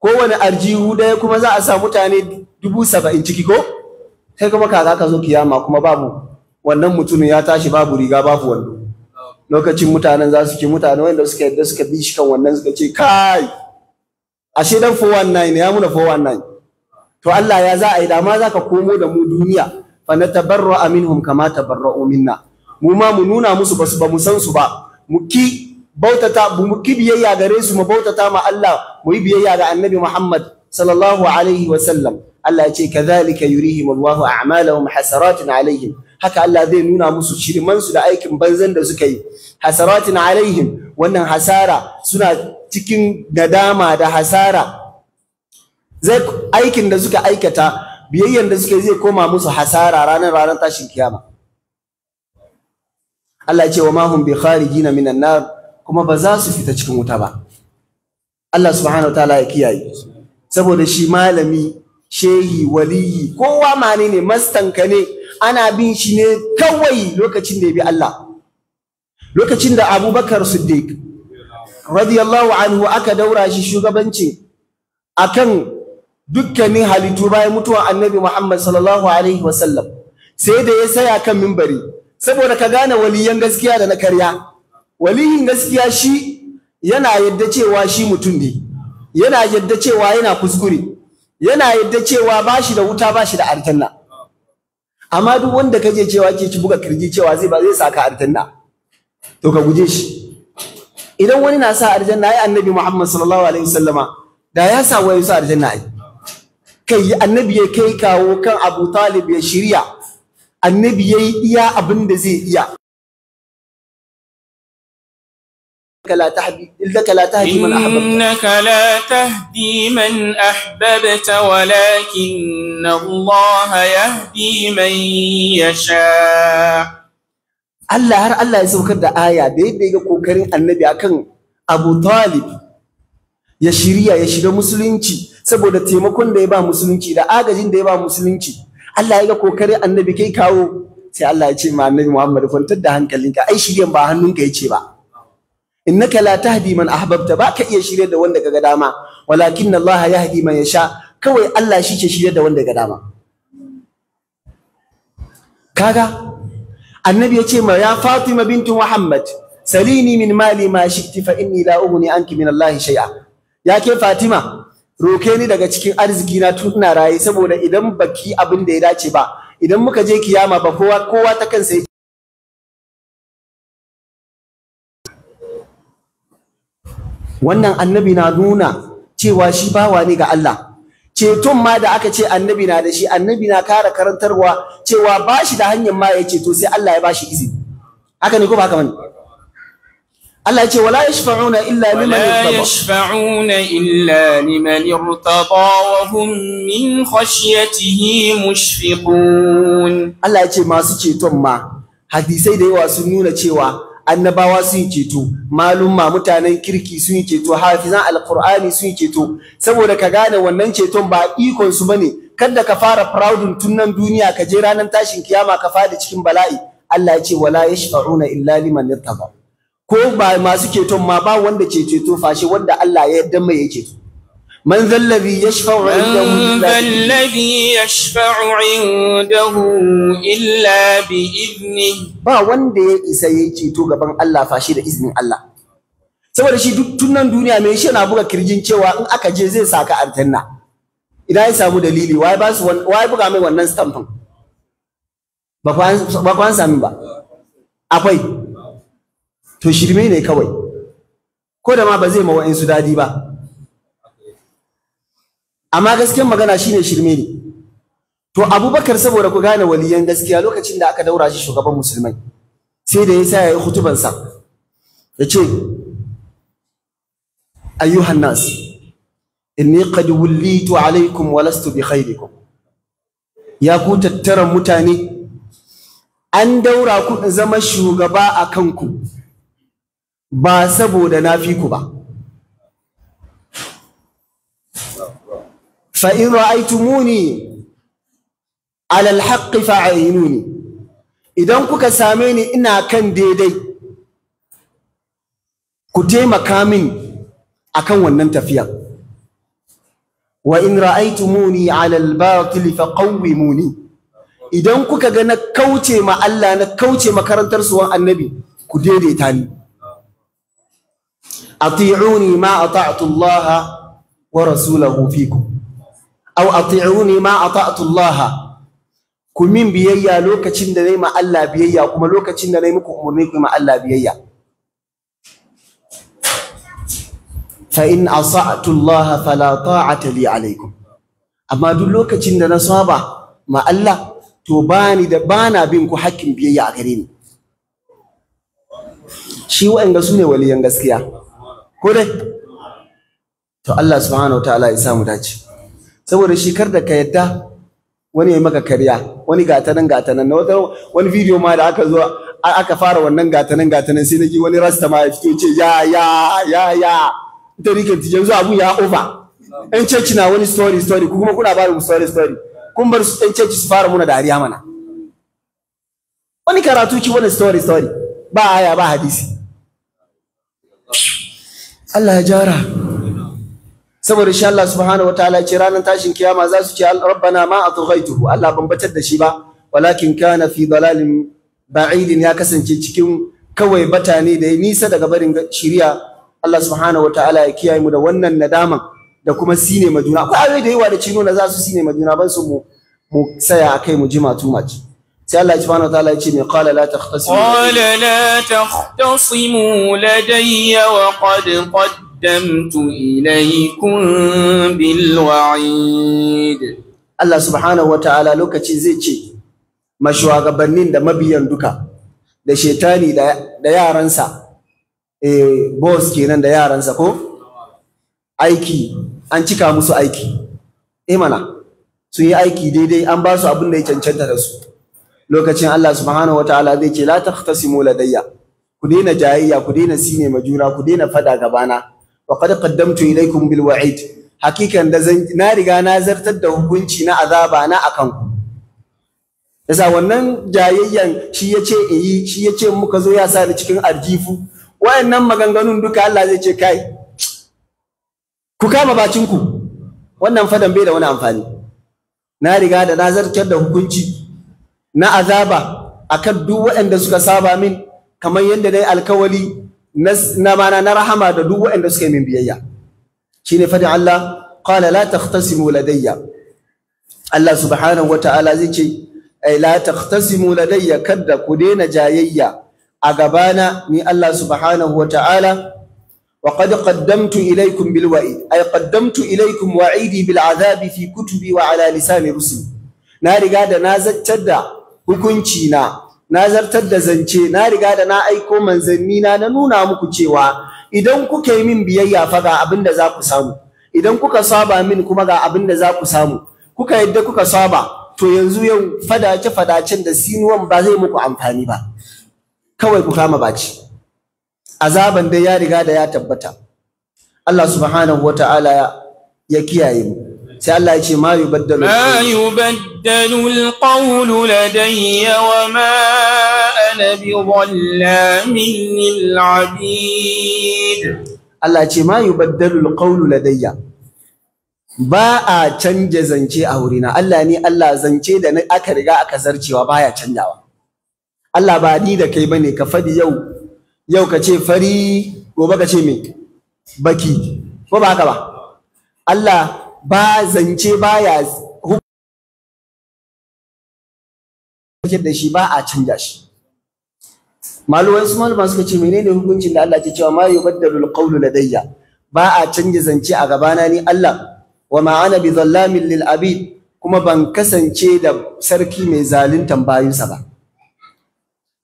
kowane arjihu ɗaya kuma za a sa mutane dubu saba'in ciki ko sai kuma kaza ka zo kiyama kuma babu wannan mutumin ya tashi babu riga babu wando lokacin mutanen za su ke mutane wanda suka yadda suka bi shi kan wannan suka ce kai ashe dan 419 ya muna 419 to Allah ya za a yi da ma za ka komo da mu duniya fa natabarra minhum kama tabarra'u minna mu ma mu nuna musu basu ba mu san su ba mu ki bautata mu ki biyayya gare su mu bautata ma Allah mu yi biyayya ga Annabi Muhammad sallallahu alaihi wa sallam Allah ya ce kadhalika yurihim Allahu a'malahum hasaratin alaihim haka Allah zai nuna musu shirman su da aikin banzan da suka yi hasaratin alaihim wannan hasara suna cikin nadama da hasara zai aikin da suka aikata biyayyan da suka zai koma musu hasara ranar ranar tashin kiyama Allah ya ce wa ma hum bi kharijina minan nar kuma ba za su fita cikin wuta ba Allah subhanahu wataala ya kiyaye saboda shi malami shehi waliyi kowa ma ne ne mastanka ne ana bin shi ne kawai lokacin da ya bi Allah lokacin da Abubakar Siddiq radiyallahu anhu aka daura shi shugabanci akan dukkanin halittu bayan mutuwa annabi Muhammad sallallahu alaihi wasallam sai da ya saya kan mimbari saboda ka gane waliyan gaskiya da na karya waliyin gaskiya shi yana yadda cewa shi mutum ne yana yadda cewa yana kuskure yana yadda cewa ba shi da wuta ba shi da artanna amma duk wanda kaje cewa ke ci buga kirji cewa zai ba zai saka artanna to ka guje shi idan wani na sa arjanna ai annabi Muhammad sallallahu alaihi wasallama da ya sa wayo sa arjanna ai kai annabi ya kai kawo kan Abu Talib ya shirya annabi yayi iya abin da zai iya لا تهدي إنك لا تهدي من أحببت إنك لا تهدي من أحببت ولكن الله يهدي من har Allah ya saukar da aya da yadda ya kokarin annabi akan Abu Talib ya shirya ya shiga musulunci saboda taimakon da ya ba musulunci da agajin da ya ba musulunci Allah ya ga kokarin annabi kai kawo sai Allah ya ce ma annabi Muhammad kwantar da hankalinka ai shiryan ba hannunka ce ba innaka la tahdi man ahbabta ba ka iya shirya da wanda kaga dama walakin Allah yahdi man yasha kawai Allah shi ke shirya da wanda ga dama kaga annabi ya ce ma ya Fatima bintu Muhammad salini min mali ma shikti fa inni la ughni anki min Allah shay'a ya ke Fatima roke ni daga cikin arziki na tun ina raye saboda idan baki abin da ya dace ba idan muka je kiyama ba kowa kowa ta kansa wannan annabi na nuna cewa shi bawa ne ga Allah ceton ma da aka ce annabi na da shi annabi na kara karantarwa cewa ba shi da hanyar ma ya ceto sai Allah ya ba shi izini haka ne ko ba haka bane Allah ya ce wala yashfa'una illa liman irtada wala yashfa'una illa liman irtada wa hum min khashyatihi mushfiqun Allah ya ce masu ceton ma hadisai da yawa sun nuna cewa annabawa sun ceto malumma mutanen kirki sun ceto hafizan alqur'ani sun ceto saboda ka gane wannan ceton ba ikon su bane kada ka fara proudin tun nan duniya ka je ranar tashin kiyama ka fada cikin bala'i Allah ya ce wala yashfa'una illa liman yattaba ko ba masu ceton ma ba wanda ce ceto fashe wanda Allah ya yarda mai ya ceto من ذا الذي يشفع عنده من ذا الذي يشفع عنده إلا بإذنه با wanda ya isa yayi ceto gaban Allah fashi da izinin Allah saboda shi duk tunan duniya mai shi na buga kirjin cewa in aka je zai saka aljanna idan ya samu dalili wai ba su wai buga mai wannan stamp din ba kwan sami ba akwai to shirme ne kawai ko da ma ba zai ma wa'insu dadi ba amma gaskiyar magana shine shirme ne to abubakar saboda ku gane waliyan gaskiya lokacin da aka daura shi shugaban musulmai sai da ya sa ya yi hutubansa ya ce ayyuhan nas inni qad wullitu alaikum wa lastu bi khairikum ya ku tattaran mutane an daura ku zama shugaba a kanku ba saboda na fi ku ba فإن رأيتموني على الحق فعينوني إذن كوكا ساميني إنا كان ديدي كتي مكامين أكن ونن فيها وإن رأيتموني على الباطل فقوموني إذن كوكا غنا كوتي ما ألا نكوتي ما كرنتر ترسوا النبي كديدي تاني أطيعوني ما أطعت الله ورسوله فيكم au ati'uni ma ata'tu Allah ku min biyayya lokacin da nayi ma Allah biyayya kuma lokacin da nayi muku umurni ku ma Allah biyayya fa in asa'tu Allah fala ta'ata li alaikum amma duk lokacin da na saba ma Allah to bani da bana bin ku hakkin biyayya a gare ni shi waɗanda su ne waliyan gaskiya ko dai to Allah subhanahu wa ta'ala ya samu dace saboda shi kar da ka yadda wani ya maka karya wani gatanan gatanan na wata wani bidiyo ma da aka zo aka fara wannan gatanan gatanan sai naji wani rasta ma ya fito ce ya ya ya ya ita rike tijan zuwa abun ya ofa Yan ceci na wani story story ku kuma kuna bari mu story story kun bar ɗan ceci su fara muna dariya mana wani karatu ki wani story story ba aya ba hadisi Allah ya jara saboda shi Allah subhanahu wataala ce ranar tashin kiyama za su ce rabbana ma atghaytuhu Allah ban batar da shi ba walakin kana fi dalalin ba'idin ya kasance cikin kawai batane da ya nisa daga barin shiriya Allah subhanahu wataala ya kiyaye mu da wannan nadaman da kuma sine majuna akwai ayoyi da yawa da cino na za su sine majuna ban su mu mu saya akai mu jima too sai Allah وتعالى wataala ya ce mai qala la taqtasimu قدمت إليكم بالوعيد الله سبحانه وتعالى لك تزيتي ما شو غبنين ده مبيان دوكا da shetani da yaransa eh boss kenan da yaransa ko aiki an cika musu aiki eh mana su yi aiki daidai an ba su abin da ya cancanta da su lokacin Allah subhanahu wataala zai ce la takhtasimu ladayya ku daina jayayya ku daina sine majura ku daina fada gabana wa qad qaddamtu ilaykum bil wa'id hakikan da zan na riga na zartar da hukunci na azaba na akan ku yasa wannan jayayyan shi yace in yi shi yace muka zo ya sa ni cikin arjifu wayannan maganganun duka Allah zai ce kai ku kama bacin ku wannan fadan bai da wani amfani na riga da na zartar da hukunci na azaba akan duk waɗanda suka saba min kamar yadda dai alkawali na mana na rahama da duk waɗanda suka yi min biyayya shine fadin Allah qala la takhtasimu ladayya Allah subhanahu wata'ala zai ce ai la takhtasimu ladayya kadda ku daina jayayya a gabana ni Allah subhanahu wata'ala wa qad qaddamtu ilaykum bil wa'i ai qaddamtu ilaykum wa'idi bil azabi fi kutubi wa ala lisani rusuli na riga da na zaccar da hukunci na na zartar da zance na riga da na aiko manzanni na na nuna muku cewa idan kuka yi min biyayya fa ga abin da za ku samu idan kuka saba min kuma ga abin da za ku samu kuka yadda kuka saba to yanzu yau fadace fadacen da sinuwan ba zai muku amfani ba kawai ku kama baci azaban dai ya riga da ya tabbata Allah subhanahu wataala ya kiyaye mu sai Allah ya ce ma yubaddalu ma yubaddalu alqawlu ladayya wa ma ana bi dhallamin lil abid Allah ya ce ma yi yubaddalu alqawlu ladayya ba a canje zance a wurina Allah ne Allah zance da aka riga aka zarcewa baya canjawa Allah ba ni da kai bane ka fadi yau yau ka ce fari gobe ka ce me baki ko ba haka ba Allah ba zance baya hukuncin da shi ba a canja shi maluwan su maluwa suka ce menene hukuncin da Allah ke cewa ma yubaddalul qawlu ladayya ba a canja zance a gabana ne, Allah wa ma'ana bi zallamin lil abid kuma ban kasance da sarki mai zaluntan bayinsa ba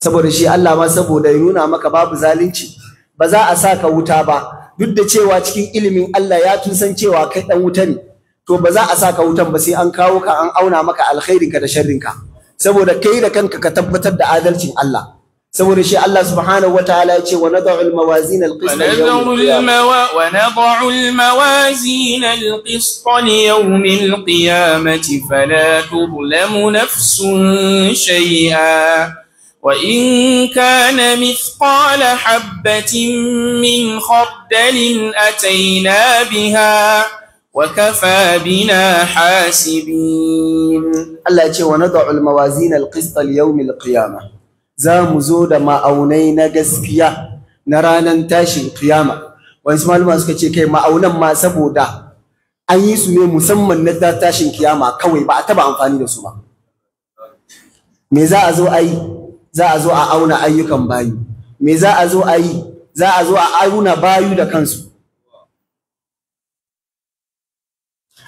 saboda shi Allah ma saboda ya nuna maka babu zalunci ba za a sa ka wuta ba duk da cewa cikin ilimin Allah ya tun san cewa kai dan wuta ne to ba za a saka wutan ba sai an kawo ka an auna maka alkhairinka ka da sharrin ka saboda kai da kanka ka tabbatar da adalcin Allah saboda shi Allah subhanahu wataala ya ce wa nad'u al-mawazin al-qist wa nad'u al-mawazin al-qist li yawm al-qiyamati fala tuzlamu nafsun shay'a وإن كان مثقال حبة من خردل أتينا بها وكفى بنا حاسبين الله يجي ونضع الموازين القسط اليوم القيامة زام زود ما أونينا قسكيا نرانا تاشي القيامة وإنس معلومة سكتشي كي ما أونا ما سبودا an yi su ne musamman na tashin kiyama kawai ba a taba amfani da su ba me za a zo a yi za a zo a auna ayyukan bayu me za a zo a yi za a zo a auna bayu da kansu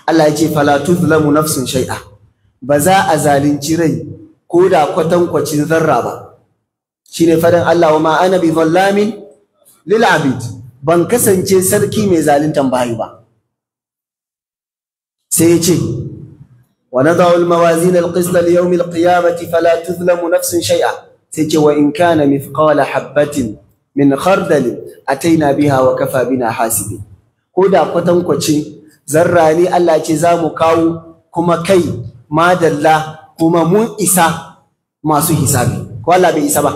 Allah ya ce fala tuzlamu nafsun shay'a ba za a zalunci rai ko da kwatankwacin zarra ba shine fadin Allah wa ma ana bi zallamin lil abid ban kasance sarki mai zaluntan bayi ba sai ya ce wa nadau mawazinal mawazin al qist li yawm al qiyamati fala nafsun shay'a sai ce wa in kana mithqala habatin min khardal ataina biha wa kafa bina hasibi ko da kwatankwacin zarra ne Allah ce za mu kawo kuma kai madalla kuma mun isa masu hisabi ko Allah bai isa ba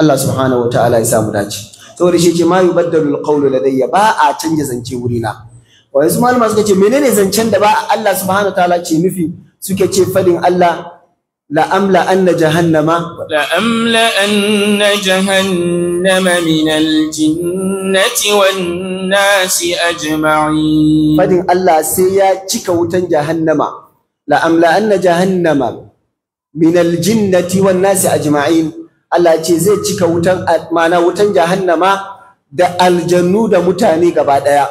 Allah subhanahu wa ta'ala ya samu dace saboda shi ce ma yubaddalu alqawlu ladayya ba a canja zance wurina wa yanzu malama suka ce menene zancen da ba Allah subhanahu wa ta'ala ce nufi suke ce fadin Allah la amla jahannama minal jinnati wan nasi ajma'i fadin Allah sai ya cika wutan jahannama la amla anna jahannama minal jinnati wan nasi ajma'i Allah ce zai cika wutan mana wutan jahannama da aljanu da mutane gaba daya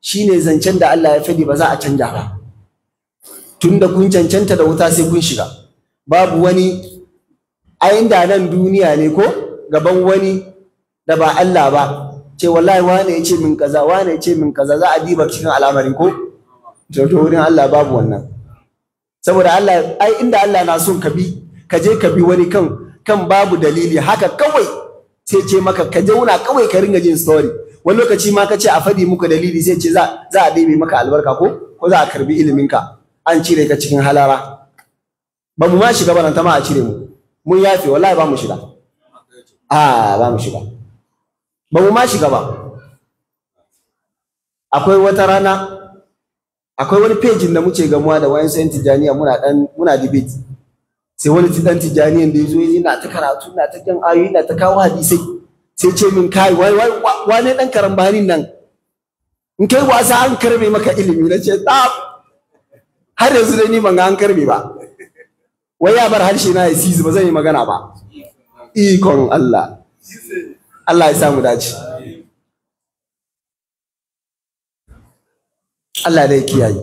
shine zancen da Allah ya fadi ba za canja ba tunda kun cancanta da wuta sai kun shiga babu wani a inda nan duniya ne ko gaban wani da ba Allah ba ce wallahi wane ya ce min kaza wane ya ce min kaza za a diba cikin al'amari ko to wurin Allah babu wannan saboda Allah ai inda Allah na son ka bi ka je ka bi wani kan kan babu dalili haka kawai sai ce maka ka wuna kawai ka ringa jin story wani lokaci ma ka ce a faɗi muka dalili sai ce za a ɗebe maka albarka ko ko za a karbi iliminka an cire ka cikin halara ba mu ma shiga ta ma a cire mu mun yafe wallahi ba mu shiga a ba mu shiga ba mu ma shiga ba akwai wata rana akwai wani pejin da muke gamuwa da wayan sayan tijaniya muna dan muna debate sai wani dan tijaniyan da yazo yana ta karatu yana ta kan ayoyi yana ta kawo hadisai sai ce min kai wai wai wane dan karambani nan in kai wasa an karbe maka ilimi na ce har yanzu dai ni ban ga an karbe ba wai ya bar harshe na ya sisi ba zan yi magana ba ikon Allah Allah ya samu dace Allah dai kiyaye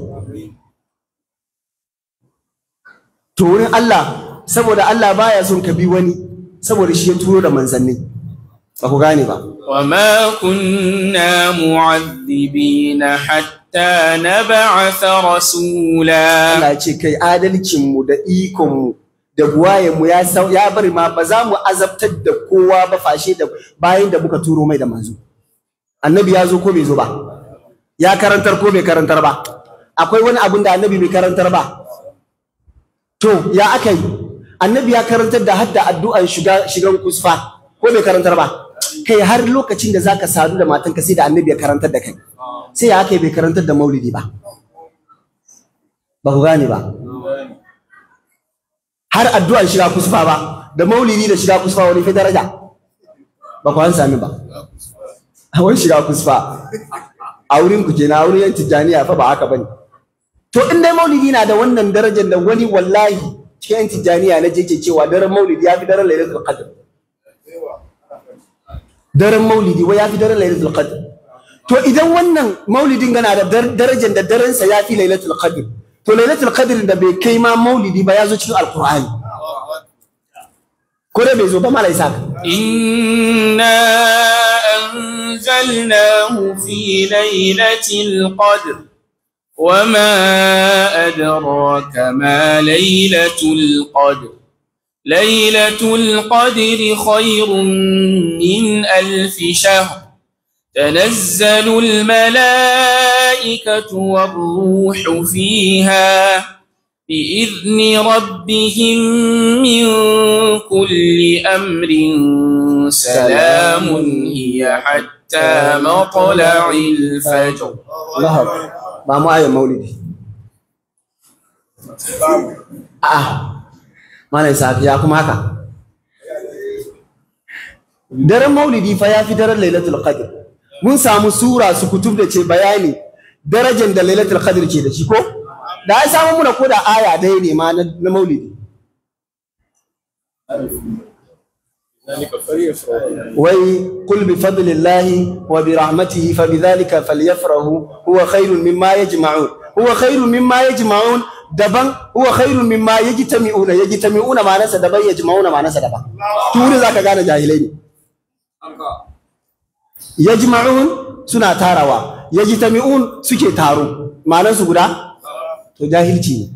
to wurin Allah saboda Allah baya son ka bi wani saboda shi ya turo da manzanni ba ku gane ba wa ma kunna mu'adhibina hatta hatta nab'atha rasula Allah ce kai adalcin mu da ikon mu da buwayen mu ya ya bari ma ba za mu azabtar da kowa ba fashe da bayan da muka turo mai da manzo annabi ya zo ko bai zo ba ya karantar ko bai karantar ba akwai wani abin da annabi bai karantar ba to ya aka yi annabi ya karantar da hadda addu'an shiga shigan kusfa ko bai karantar ba kai har lokacin da zaka sadu da matanka sai da annabi ya karantar da kai sai ya kai bai karantar da maulidi ba ba ku gane ba har addu'an shiga kusfa ba da maulidi da shiga kusfa wani fi daraja ba ku an sami ba a wani shiga kusfa a wurin ku kenan a wurin yan tijjaniya fa ba haka bane to in dai maulidi na da wannan darajar da wani wallahi cikin yan tijjaniya na jeje cewa daren maulidi ya fi daren lailatul qadr daren maulidi wai ya fi daren lailatul qadr to idan wannan maulidin gana da darajar da daren sa ya fi lailatul qadr to lailatul qadr da bai kai ma maulidi ba ya zo cikin alqur'ani ko da bai zo ba malai saka inna anzalnahu fi lailatul qadr ma أدراك ما ليلة القدر ليلة القدر خير من ألف شهر تنزل الملائكة والروح فيها بإذن ربهم من كل أمر سلام هي حتى مطلع الفجر نهر ما معي مولدي malam safiya kuma haka daren maulidi fa ya fi daren lailatul qadr mun samu sura su kutub da ce bayani darajar da lailatul qadr ke da shi ko da ya samu muna ko da aya ɗaya ne ma na maulidi wai kul bi fadlillahi wa bi rahmatihi fa bi dhalika falyafrahu huwa khairun mimma yajma'un huwa daban huwa khairun mimma yajtami'una yajtami'una ma'anarsa daban yajma'una ma'anarsa daban to wurin zaka gane jahilai ne yajma'un suna tarawa yajtami'un suke taro ma'anarsu guda to jahilci ne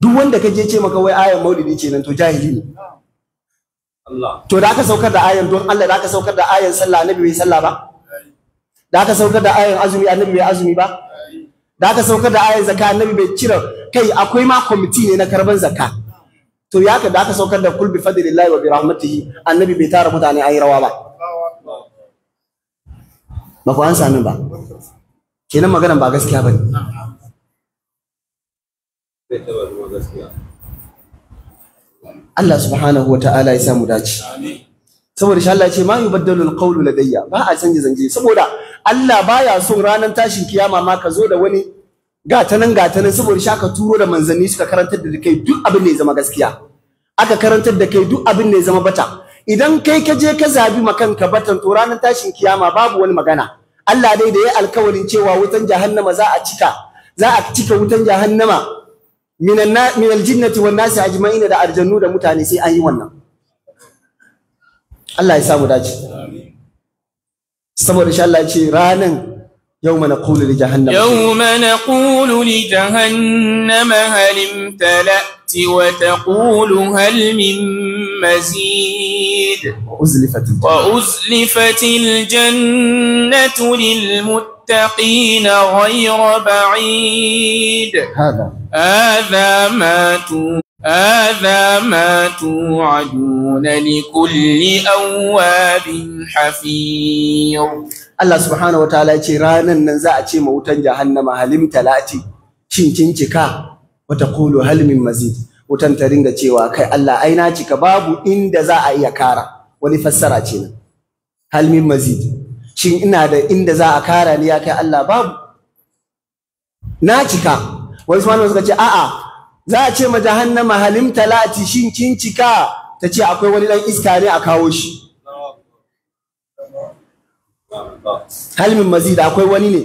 duk wanda kaje ce maka wai ayan maulidi kenan to jahili ne to da aka saukar da ayan don Allah da aka saukar da ayan sallah annabi bai sallah ba da aka saukar da ayan azumi annabi bai azumi ba da aka saukar da ayar zaka annabi bai cire kai akwai ma kwamiti ne na karban zaka to ya ka da aka saukar da kulbi fadlillahi wa bi rahmatihi annabi bai tara mutane ayi rawa ba ba ku an sami ba kenan maganan ba gaskiya bane Allah subhanahu wa ta'ala ya samu dace saboda insha Allah ya ce ma yubaddalu alqawlu ladayya ba a canje zanje saboda Allah baya so ranar tashin kiyama ma ka zo da wani gatanan gatanan saboda shaka turo da manzanni suka karantar da kai duk abin da ya zama gaskiya aka karantar da kai duk abin da ya zama bata idan kai ka je ka zabi makanka batan to ranar tashin kiyama babu wani magana Allah dai da ya alkawarin cewa wutan jahannama za a cika za a cika wutan jahannama minan minal jinnati wan nasi ajma'in da aljannu da mutane sai an yi wannan Allah ya samu dace amin saboda shi Allah ya ce ranan يوم نقول لجهنم يوم نقول لجهنم هل امتلأت وتقول هل من مزيد وأزلفت الجنة, وأزلفت الجنة للمتقين غير بعيد هذا هذا ما تون هذا ما توعدون لكل أواب حفير Allah subhanahu wa ta'ala ce ranar nan za ce ma wutan jahannama halim talati shin kin cika wata qulu hal min wutan ta ringa cewa kai Allah ai na cika babu inda za a iya kara wani fassara ce nan hal min shin ina da inda za kara ne ya kai Allah babu na cika wani subhanahu suka ce a'a za a ce ma jahannama halim talati shin kin cika ta ce akwai wani dan iska ne a kawo shi halimin mazida akwai wani ne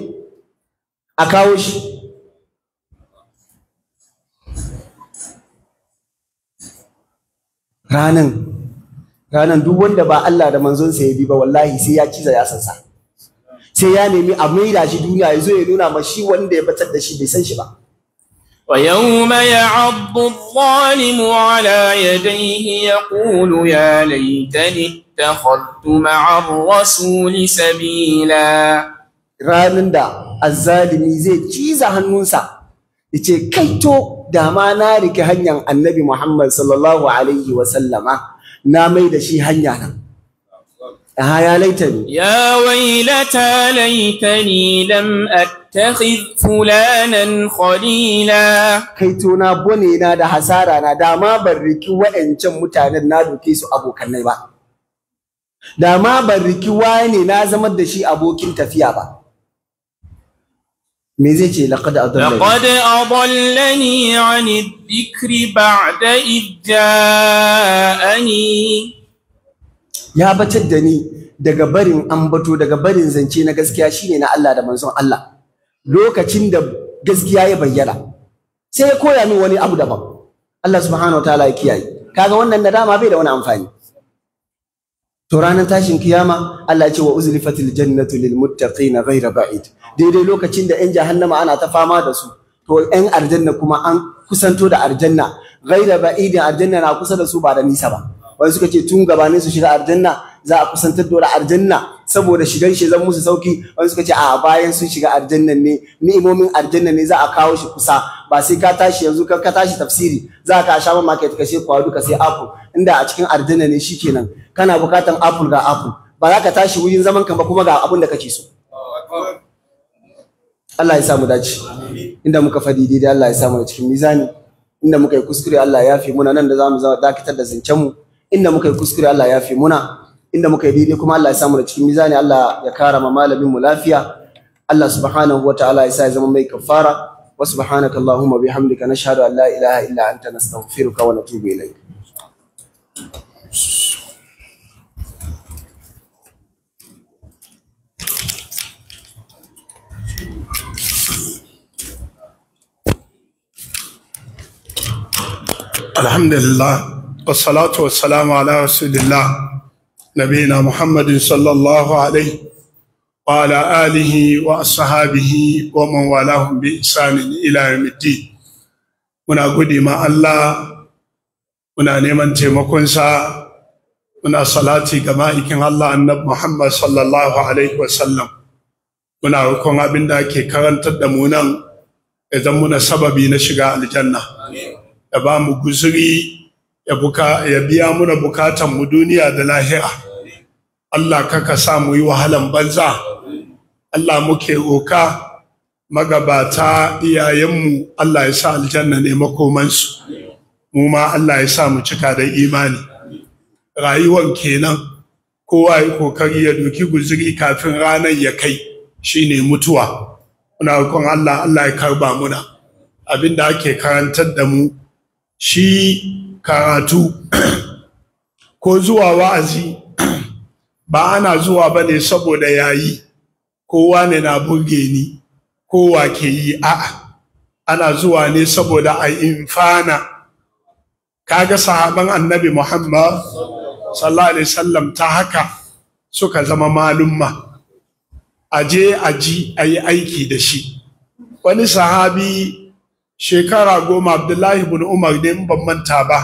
a kawo shi ranan ranan duk wanda ba Allah da manzonsa ya bi ba wallahi sai ya ciza ya sansa sai ya nemi a maida shi duniya ya zo ya nuna ma shi wanda ya batar da shi bai san shi ba ويوم يعض الظالم على يديه يقول يا ليتني اتخذت مع الرسول سبيلا ranin da azzalimi zai ciza hannunsa ya ce kaito da ma na rike hanyar annabi muhammad sallallahu alaihi na mai da shi hanya nan ya laitani ya wailata laitani lam at tattakhidh fulanan khalila kai to na bone na da hasara na da ma ban riki wa'ancan mutanen na doke su abokanai ba da ma ban riki wane na zama da shi abokin tafiya ba me zai ce laqad adallani laqad adallani an dhikri ba'da idja'ani ya batar da ni daga barin ambato daga barin zance na gaskiya shine na Allah da manzon Allah lokacin da gaskiya ya bayyana sai ya koya min wani abu daban Allah subhanahu wa ta'ala ya kiyaye kaga wannan nadama bai da wani amfani to ranar tashin kiyama Allah ya ce wa uzlifatil jannatu lil muttaqina ghayra ba'id daidai lokacin da yan jahannama ana ta fama da su to yan aljanna kuma an kusanto da aljanna ghayra ba'id aljanna na kusa da su ba da nisa ba wai suka ce tun gabanin su shiga aljanna za a kusantar da aljanna saboda shigan shi zan musu sauki wani suka ce a bayan sun shiga aljannan ne ni'imomin arjanna ne za a kawo shi kusa ba sai ka tashi yanzu ka tashi tafsiri za ka sha ma market ka sai kwado ka sai apple inda a cikin arjanna ne shikenan kana bukatan apple ga apple ba za ka tashi wurin zaman ka ba kuma ga abin da kake so Allah ya samu dace inda muka fadi daidai Allah ya samu da cikin mizani inda muka yi kuskure Allah ya fi muna nan da zamu dakatar da zancen mu inda muka yi kuskure Allah ya fi muna inda muka yi daidai kuma Allah ya samu da cikin mizani Allah ya kara ma malamin mu lafiya Allah subhanahu wa ta'ala ya sa ya zama mai kafara wa subhanaka allahumma bihamdika nashhadu an la ilaha illa anta nastaghfiruka wa natubu ilayk الحمد لله والصلاة والسلام على رسول الله نبينا محمد صلى الله عليه وعلى آله وأصحابه ومن والاهم بإحسان إلى يوم الدين muna gode ma Allah muna neman taimakonsa muna salati ga ma'aikin Allah annabi Muhammad sallallahu alaihi wasallam muna rukun abin da ake karantar da mu nan idan muna sababi na shiga aljanna da bamu mu ya biya muna bukatan mu duniya da lahira Allah kaka sa mu yi wahalan banza Allah muke oka magabata iyayenmu Allah ya sa aljanna ne makomansu mu ma Allah ya sa mu cika da imani rayuwan kenan kowa ya kokari ya doki guzuri kafin ranar ya kai shine mutuwa muna roƙon Allah Allah ya karba muna abinda ake karantar da mu shi karatu ko zuwa wa'azi ba ana zuwa ba ne saboda yayi kowa ne na burge ni kowa ke yi a'a ana zuwa ne saboda a infana kaga sahaban annabi muhammad sallallahu alaihi wasallam ta haka suka zama malumma aje aji a yi aiki da shi wani sahabi shekara goma abdullahi bin umar ne in ban manta ba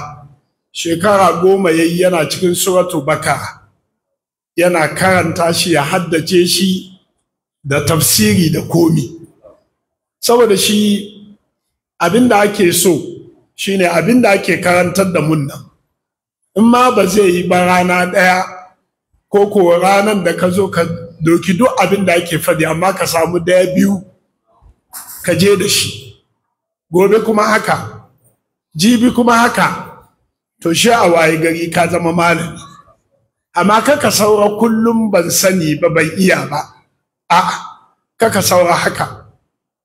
shekara goma yayi yana cikin suratu baka yana karanta shi ya haddace shi da tafsiri da komi saboda shi abinda ake so shine abinda ake karantar da mun nan in ma ba zai yi ba rana ɗaya ko ko ranar da ka zo ka doki duk abinda ake faɗi amma ka samu daya biyu ka je da shi gobe kuma haka jibi kuma haka to shi a waye gari ka zama malami amma kaka saura kullum ban sani ba ban iya ba a'a kaka saura haka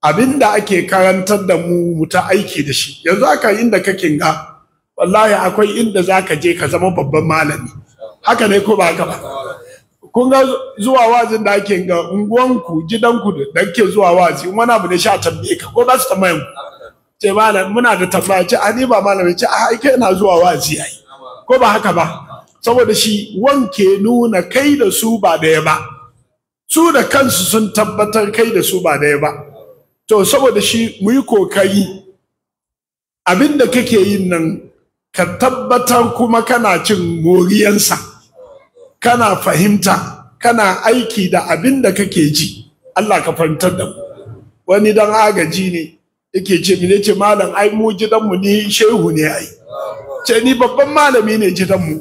abinda ake karantar da mu muta aiki da shi yanzu aka inda kake ga wallahi akwai inda zaka je ka zama babban malami haka ne ko ba haka ba kun ga zuwa wazin da ake ga unguwanku gidanku da ke zuwa wazi wani abu ne sha tambaye ka ko za su tambaye ku ce malam muna da tambaya ce ani ba malam ce a kai ina zuwa wazi ai ko ba haka ba saboda shi wanke nuna kai da su ba daya ba su da kansu sun tabbatar kai da su ba daya ba to saboda shi mu yi kokari abin da kake yin nan ka tabbatar kuma kana cin moriyansa kana fahimta kana aiki da abin da kake ji Allah ka fahimtar da mu wani dan agaji ne yake ce mine ce malam ai mu gidanmu ni shehu ne ai ce ni babban malami ne gidan mu.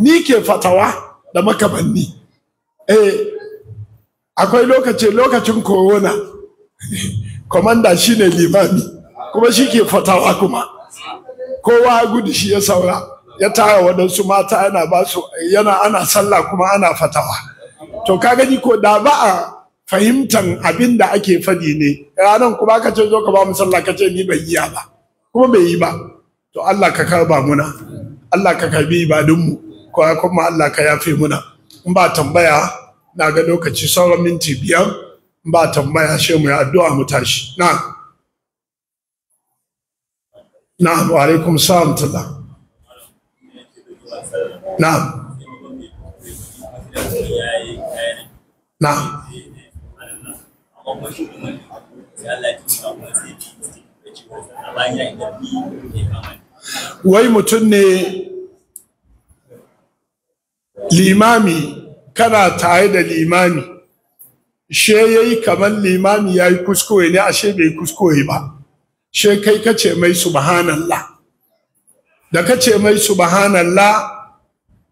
ni ke fatawa da makabanni. eh akwai lokaci lokacin corona komanda shi ne limami kuma shi ke fatawa kuma kowa gudu shi ya saura ya tara waɗansu mata yana ba su yana ana sallah kuma ana fatawa to ka gani ko da ba a fahimtan abin da ake fadi ne ranan kuma ka ce zo ka ba mu sallah ka ce ni bai yi ba kuma bai yi ba to Allah ka karba muna Allah ka karbi ibadunmu ko kuma Allah ka yafe muna in ba tambaya na ga lokaci sauran minti biyar in ba tambaya she mu ya addu'a mu tashi na na wa alaikum salam tala na na wai mutum ne limami kana tare da limami she ya yi kamar limami ya yi kuskure ne ashe bai kuskure ba she kai ka ce mai subhanallah da ka ce mai subhanallah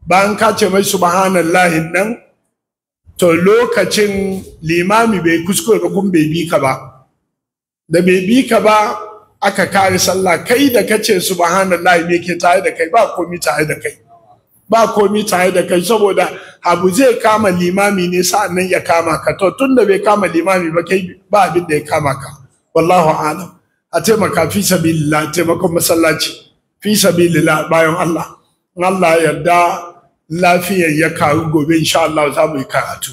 bayan ce mai subhanallah nan to lokacin limami bai kuskure ba kun bai bi ka ba da bai bi ka ba aka kare sallah kai da kace subhanallahi me ke tare da kai ba komi tare da kai ba komi tare da kai saboda abu zai kama limami ne sa'annan ya kama ka to tunda bai kama limami ba kai ba abin da ya kama ka wallahu alam a taimaka fi sabilillah taimakon masallaci fi sabilillah bayan Allah Allah yarda lafiyar ya karu gobe insha Allah za mu yi karatu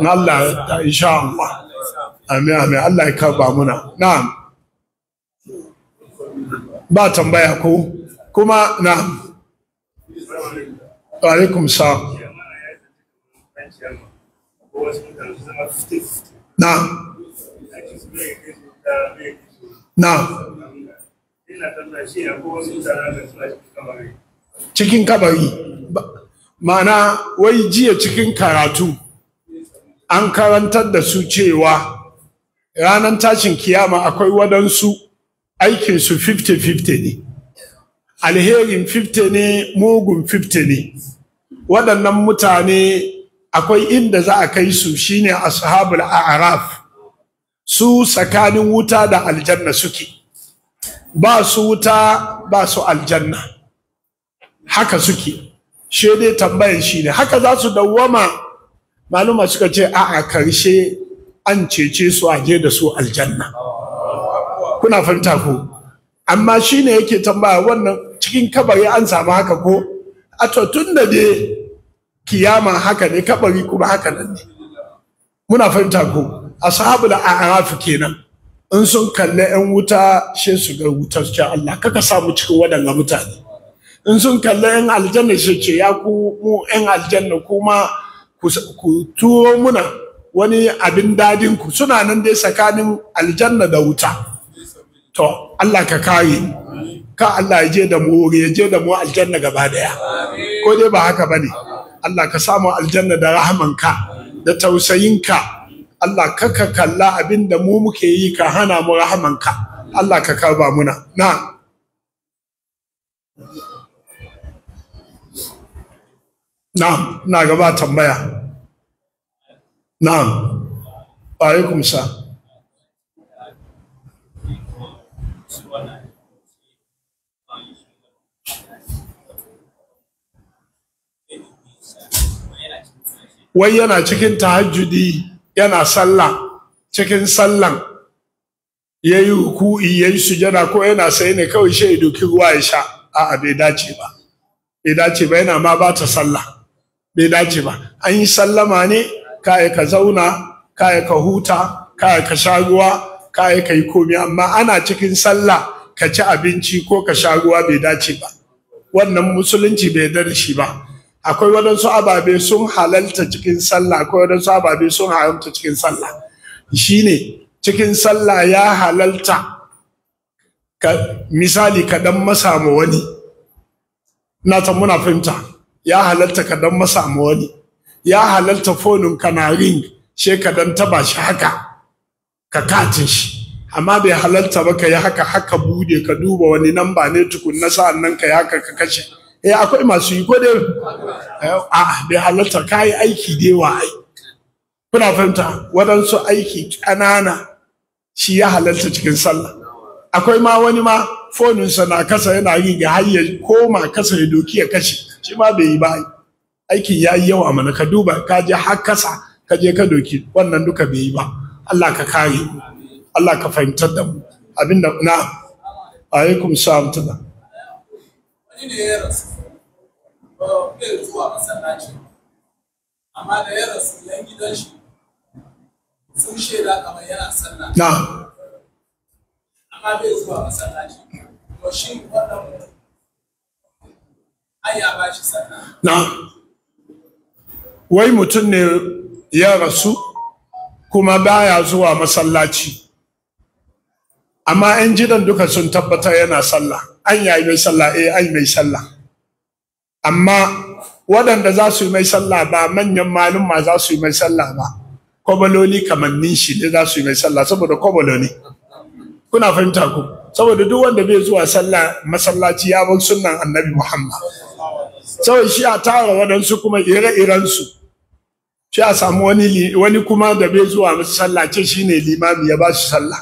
Na Allah ta insha Allah amin amin Allah ya karba muna na ba tambaya ko kuma na. alaikum salam Na. na cikin kabari mana wai jiya cikin karatu an karantar da su cewa ranar tashin kiyama akwai waɗansu aikinsu 50-50 ne alherin 50 ne mugun 50 ne waɗannan mutane akwai inda za a kai su shine ashabul a'raf su tsakanin wuta da aljanna suke ba su wuta ba su aljanna haka suke shi dai tambayan shi ne haka za su dawwama maluma suka ce a a karshe an cece su a je da su aljanna kuna fahimta ko amma shi ne yake tambaya wannan cikin kabari an samu haka ko a to tun da dai kiyama haka ne kabari kuma haka nan ne muna fahimta ko da a'raf kenan in sun kalli 'yan wuta shi su ga wutar Allah kaka samu cikin waɗannan mutane in sun kalla yan aljanna shi ce ya ku mu yan aljanna kuma ku turo muna wani abin dadin ku suna nan dai tsakanin aljanna da wuta to Allah ka kare ka Allah ya je da mu ya je da mu aljanna gaba daya ko dai ba haka bane Allah ka samu aljanna da ka, da tausayinka Allah ka ka kalla abin da mu muke yi ka hana mu rahamanka Allah ka karba muna na na'am na gaba tambaya na'am wa alaikum wai yana cikin tahajjudi yana sallah cikin sallan yayi yi ruku'i yayi sujada ko yana sai ne kawai shi ya ruwa ya sha a'a bai dace ba bai dace ba yana ma ba ta sallah bai dace ba an yi sallama ne kaya ka zauna kaya ka huta kaya ka sha ruwa kaya ka yi komi amma ana cikin sallah ka ci abinci ko ka shaguwa bai dace ba wannan musulunci bai yarda shi ba akwai wadansu ababe sun halalta cikin sallah akwai waɗansu ababe sun haramta cikin sallah shine cikin sallah ya halalta ka misali ka dan masa wani na ta muna fahimta ya halarta ka dan masa ma wani ya halarta fonin ka na ring she ka dan taba shi haka ka katin shi amma bai halarta ba ka yi haka haka bude ka duba wani ba ne tukunna sa'an nan ka ya ka kashe eh akwai masu yi ko dai a bai halarta ka yi aiki dai wa? ai kuna fahimta waɗansu aiki ƙanana shi ya halarta cikin sallah akwai ma wani ma foninsa na kasa yana yin ga har ya koma kasa ya doki ya kashe shi ma bai yi ba aiki ya yi yawa mana ka duba ka je har kasa ka je ka doki wannan duka bai yi ba Allah ka kare mu Allah ka fahimtar da mu da na alaikum salam tada wani ne ya rasu bai zuwa masallaci amma da ya rasu yan gidan shi sun shaida kamar yana sallah na amma bai zuwa masallaci to shi wannan na wai mutum ne ya rasu kuma baya zuwa masallaci amma 'yan jidan duka sun tabbata yana sallah an yayi mai sallah eh an mai sallah amma waɗanda za su yi mai sallah ba manyan malumma za su yi mai sallah ba kwabaloli kamannin shi ne za su yi mai sallah saboda kwabaloli kuna fahimta ku saboda duk wanda bai zuwa sallah masallaci ya bar sunnan annabi muhammad sai shi a tara waɗansu kuma ire-irensu shi a samu wani, wani kuma da bai zuwa masu sallah ce shi limami ya ba shi sallah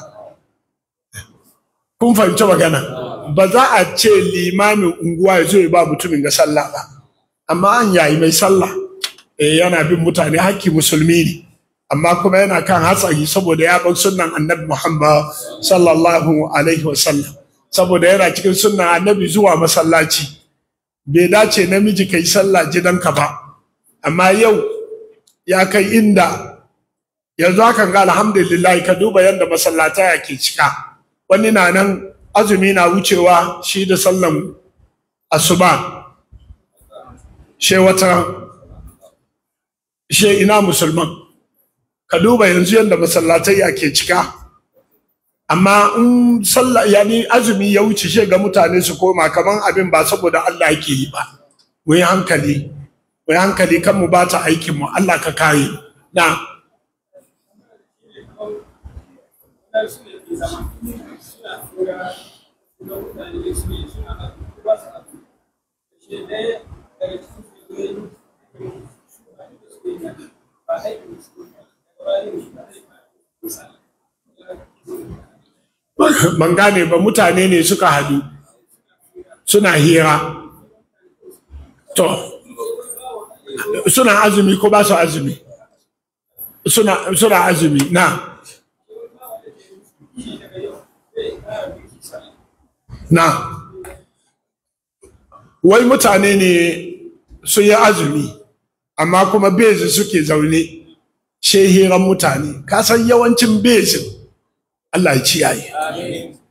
kun fahimci magana ba za a ce limamin unguwa ya zo ya ba mutumin ga sallah ba amma an yayi mai sallah eh yana bin mutane hakki musulmi ne amma kuma yana kan hatsari saboda ya bar sunnan annabi muhammad sallallahu alaihi wasallam saboda yana cikin sunnan annabi zuwa masallaci bai dace namiji kai sallah gidanka ba amma yau ya kai inda yanzu aka ga alhamdulillah ka duba yanda masallata yake cika wani na nan azumi na wucewa shi da sallan asuba she wata she ina musulman ka duba yanzu yadda masallatai ake cika amma in sallah yani azumi ya wuce shi ga mutane su koma kaman abin ba saboda Allah yake yi ba wai hankali wai hankali kan mu ba ta aikin mu Allah ka kare na Thank you. ban gane ba mutane ne suka hadu suna hira to suna azumi ko ba su azumi suna, suna azumi na na wai mutane ne sun yi azumi amma kuma bezi suke zaune shehiran mutane kasan yawancin bezin Allah ya ciyaye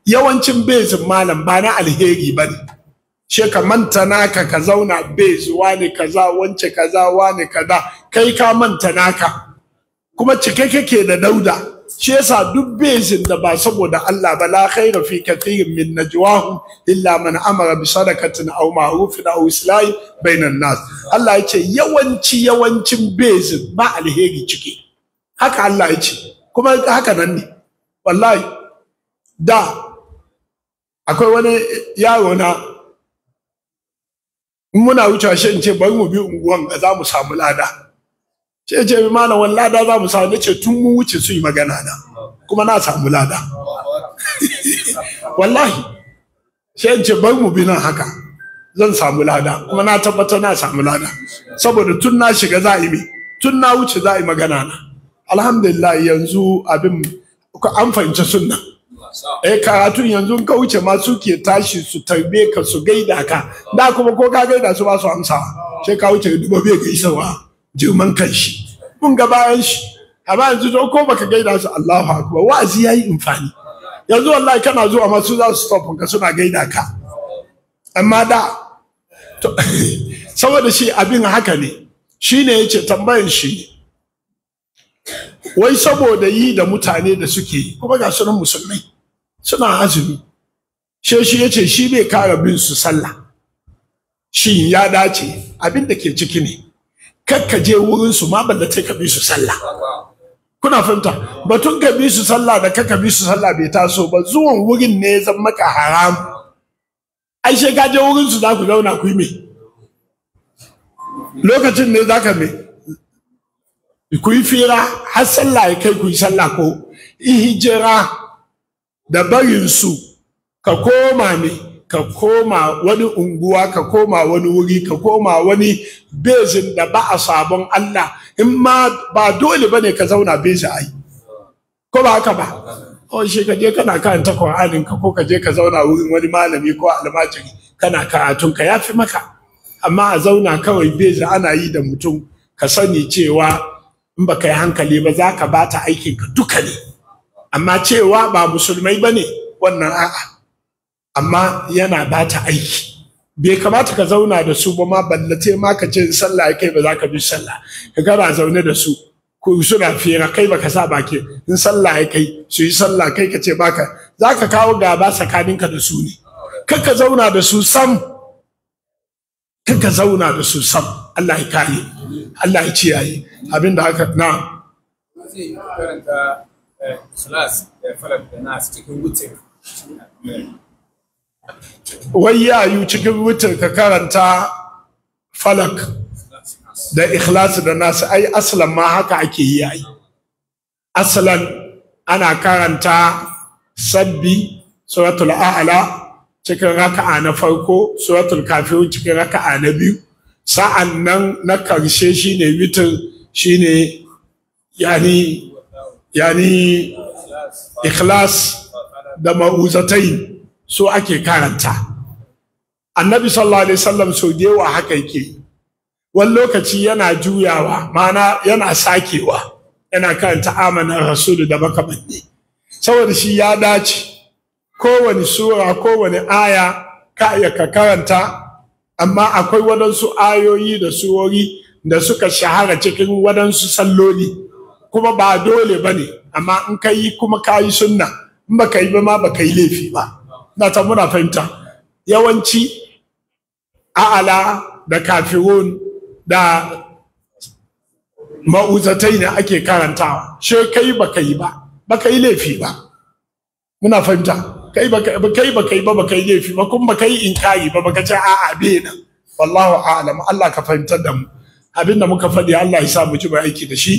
yawancin bezin malam ba na alheri ba ne she ka manta naka ka zauna bez wani kaza wance kaza wani kaza kai ka manta naka kuma cike kake da dauda shi yasa duk bezin da ba saboda Allah ba la khaira fi kathirin min najwahu illa man amara bi sadaqatin aw ma'rufin aw islahi bainan nas Allah yace yawanci yawancin bezin ba alheri cike. haka Allah yace kuma haka nan ne wallahi da akwai wani yaro na muna wucewa shi in ce bari mu bi unguwan ga za mu samu lada ce ce bi malam wani lada za mu samu nace tun mun wuce su yi magana na kuma na samu lada wallahi shi ce bari mu bi nan haka zan samu lada kuma na tabbata na samu lada saboda tun na shiga za yi tun na wuce za yi magana na alhamdulillah yanzu abin an fahimci sunna eh karatun yanzu ka wuce ma suke tashi su tarbe ka su gaida ka da kuma ko ka gaida su ba su amsa sai ka wuce dubo bai gaisawa jirman kan shi mun ga bayan shi amma yanzu zo ko baka gaida su Allahu akbar wa'azi yayi amfani yanzu wallahi kana zuwa ma su za su stop ka suna gaida ka amma da saboda shi abin haka ne shi ne yace tambayan shi wai saboda yi da mutane da suke kuma ga sunan musulmai suna azumi she shi yace shi bai kara bin su sallah shin ya dace abin da ke ciki ne kakka je wurin su ma balla ka bi su sallah kuna fahimta batun ka bi su sallah da kakka bi su sallah bai taso ba zuwan wurin ne ya zama ka haram ai she ka je wurin su za ku zauna ku yi me lokacin ne zaka ka me ku yi fira har sallah ya kai ku yi sallah ko hijira da barinsu ka koma ne ka koma wani unguwa ka koma wani wuri ka koma wani bezin da ba a sabon Allah in ma ba dole bane ka zauna bezi ai ko ba haka ba o oh, shi ka je kana karanta Qur'anin ka ko ka je ka zauna wurin wani malami ko almajiri kana karatun ka yafi maka amma a zauna kawai beji ana yi da mutum ka sani cewa in baka yi hankali ba za ka bata aikin ka duka ne amma cewa ba musulmai bane wannan a'a amma yana ba ta aiki bai kamata ka zauna da su ba ma ballace ma ka ce sallah kai ba za ka bi sallah ka gara zaune da su ko suna fira kai ba ka sa baki in sallah ya kai su yi sallah kai ka ce baka za ka kawo gaba tsakaninka da su ne kaka zauna da su sam kaka zauna da su sam Allah ya kare Allah ya ciyaye abinda haka na ikhlas eh, ya falak cikin wutar wai yayu cikin wutir ka karanta falak da ikhlas da nasu ai asalan ma haka ake yi ai Asalan ana karanta sabbi suratul a'la cikin raka'a na farko suratul kafirun cikin raka'a na biyu sa'an nan na karshe shine witir shine yani yani ikhlas da ma'uzatai so ake karanta annabi sallallahu alaihi wasallam so da wa haka yake wani lokaci yana juyawa mana yana sakewa yana karanta amanar rasulu da makamanni saboda shi ya dace kowane sura kowane aya ka iya ka karanta amma akwai wadansu ayoyi da surori da suka shahara cikin wadansu salloli kuma ba dole ba ne amma in ka yi kuma ka yi sunna in ba ka yi ba ma ba ka yi laifi ba na ta muna fahimta yawanci a'ala da kafirun da ma'uzatai ne ake karantawa she kai ba ka yi ba ba ka yi laifi ba muna fahimta kai ba kai ba kai ba ba kai laifi ba kuma ba kai in kayi ba ba ka ce a'a be nan wallahu a'lam Allah ka fahimtar da mu abinda muka faɗi Allah ya sa mu ji aiki da shi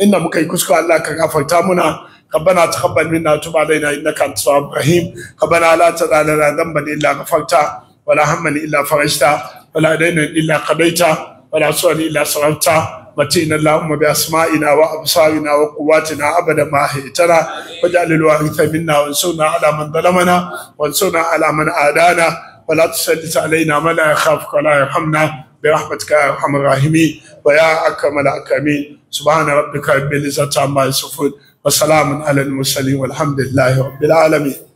In inda muka yi kusko Allah ka gafarta muna kabbana ta kabbal minna tuba alaina innaka antas tawwabur rahim kabbana la tadana la dhanba illa ghafarta wala hamma illa farajta wala dayna illa qadaita wala su'a illa sarata matina allahumma bi asma'ina wa absarina wa quwwatina abada ma hitana waj'al al waritha minna wa ansurna ala man zalamana wa ansurna ala adana wala tusallit alaina man la yakhafuka wa la yarhamna برحمتك يا ارحم الراحمين ويا اكرم الاكرمين سبحان ربك رب العزه عما يصفون وسلام على المرسلين والحمد لله رب العالمين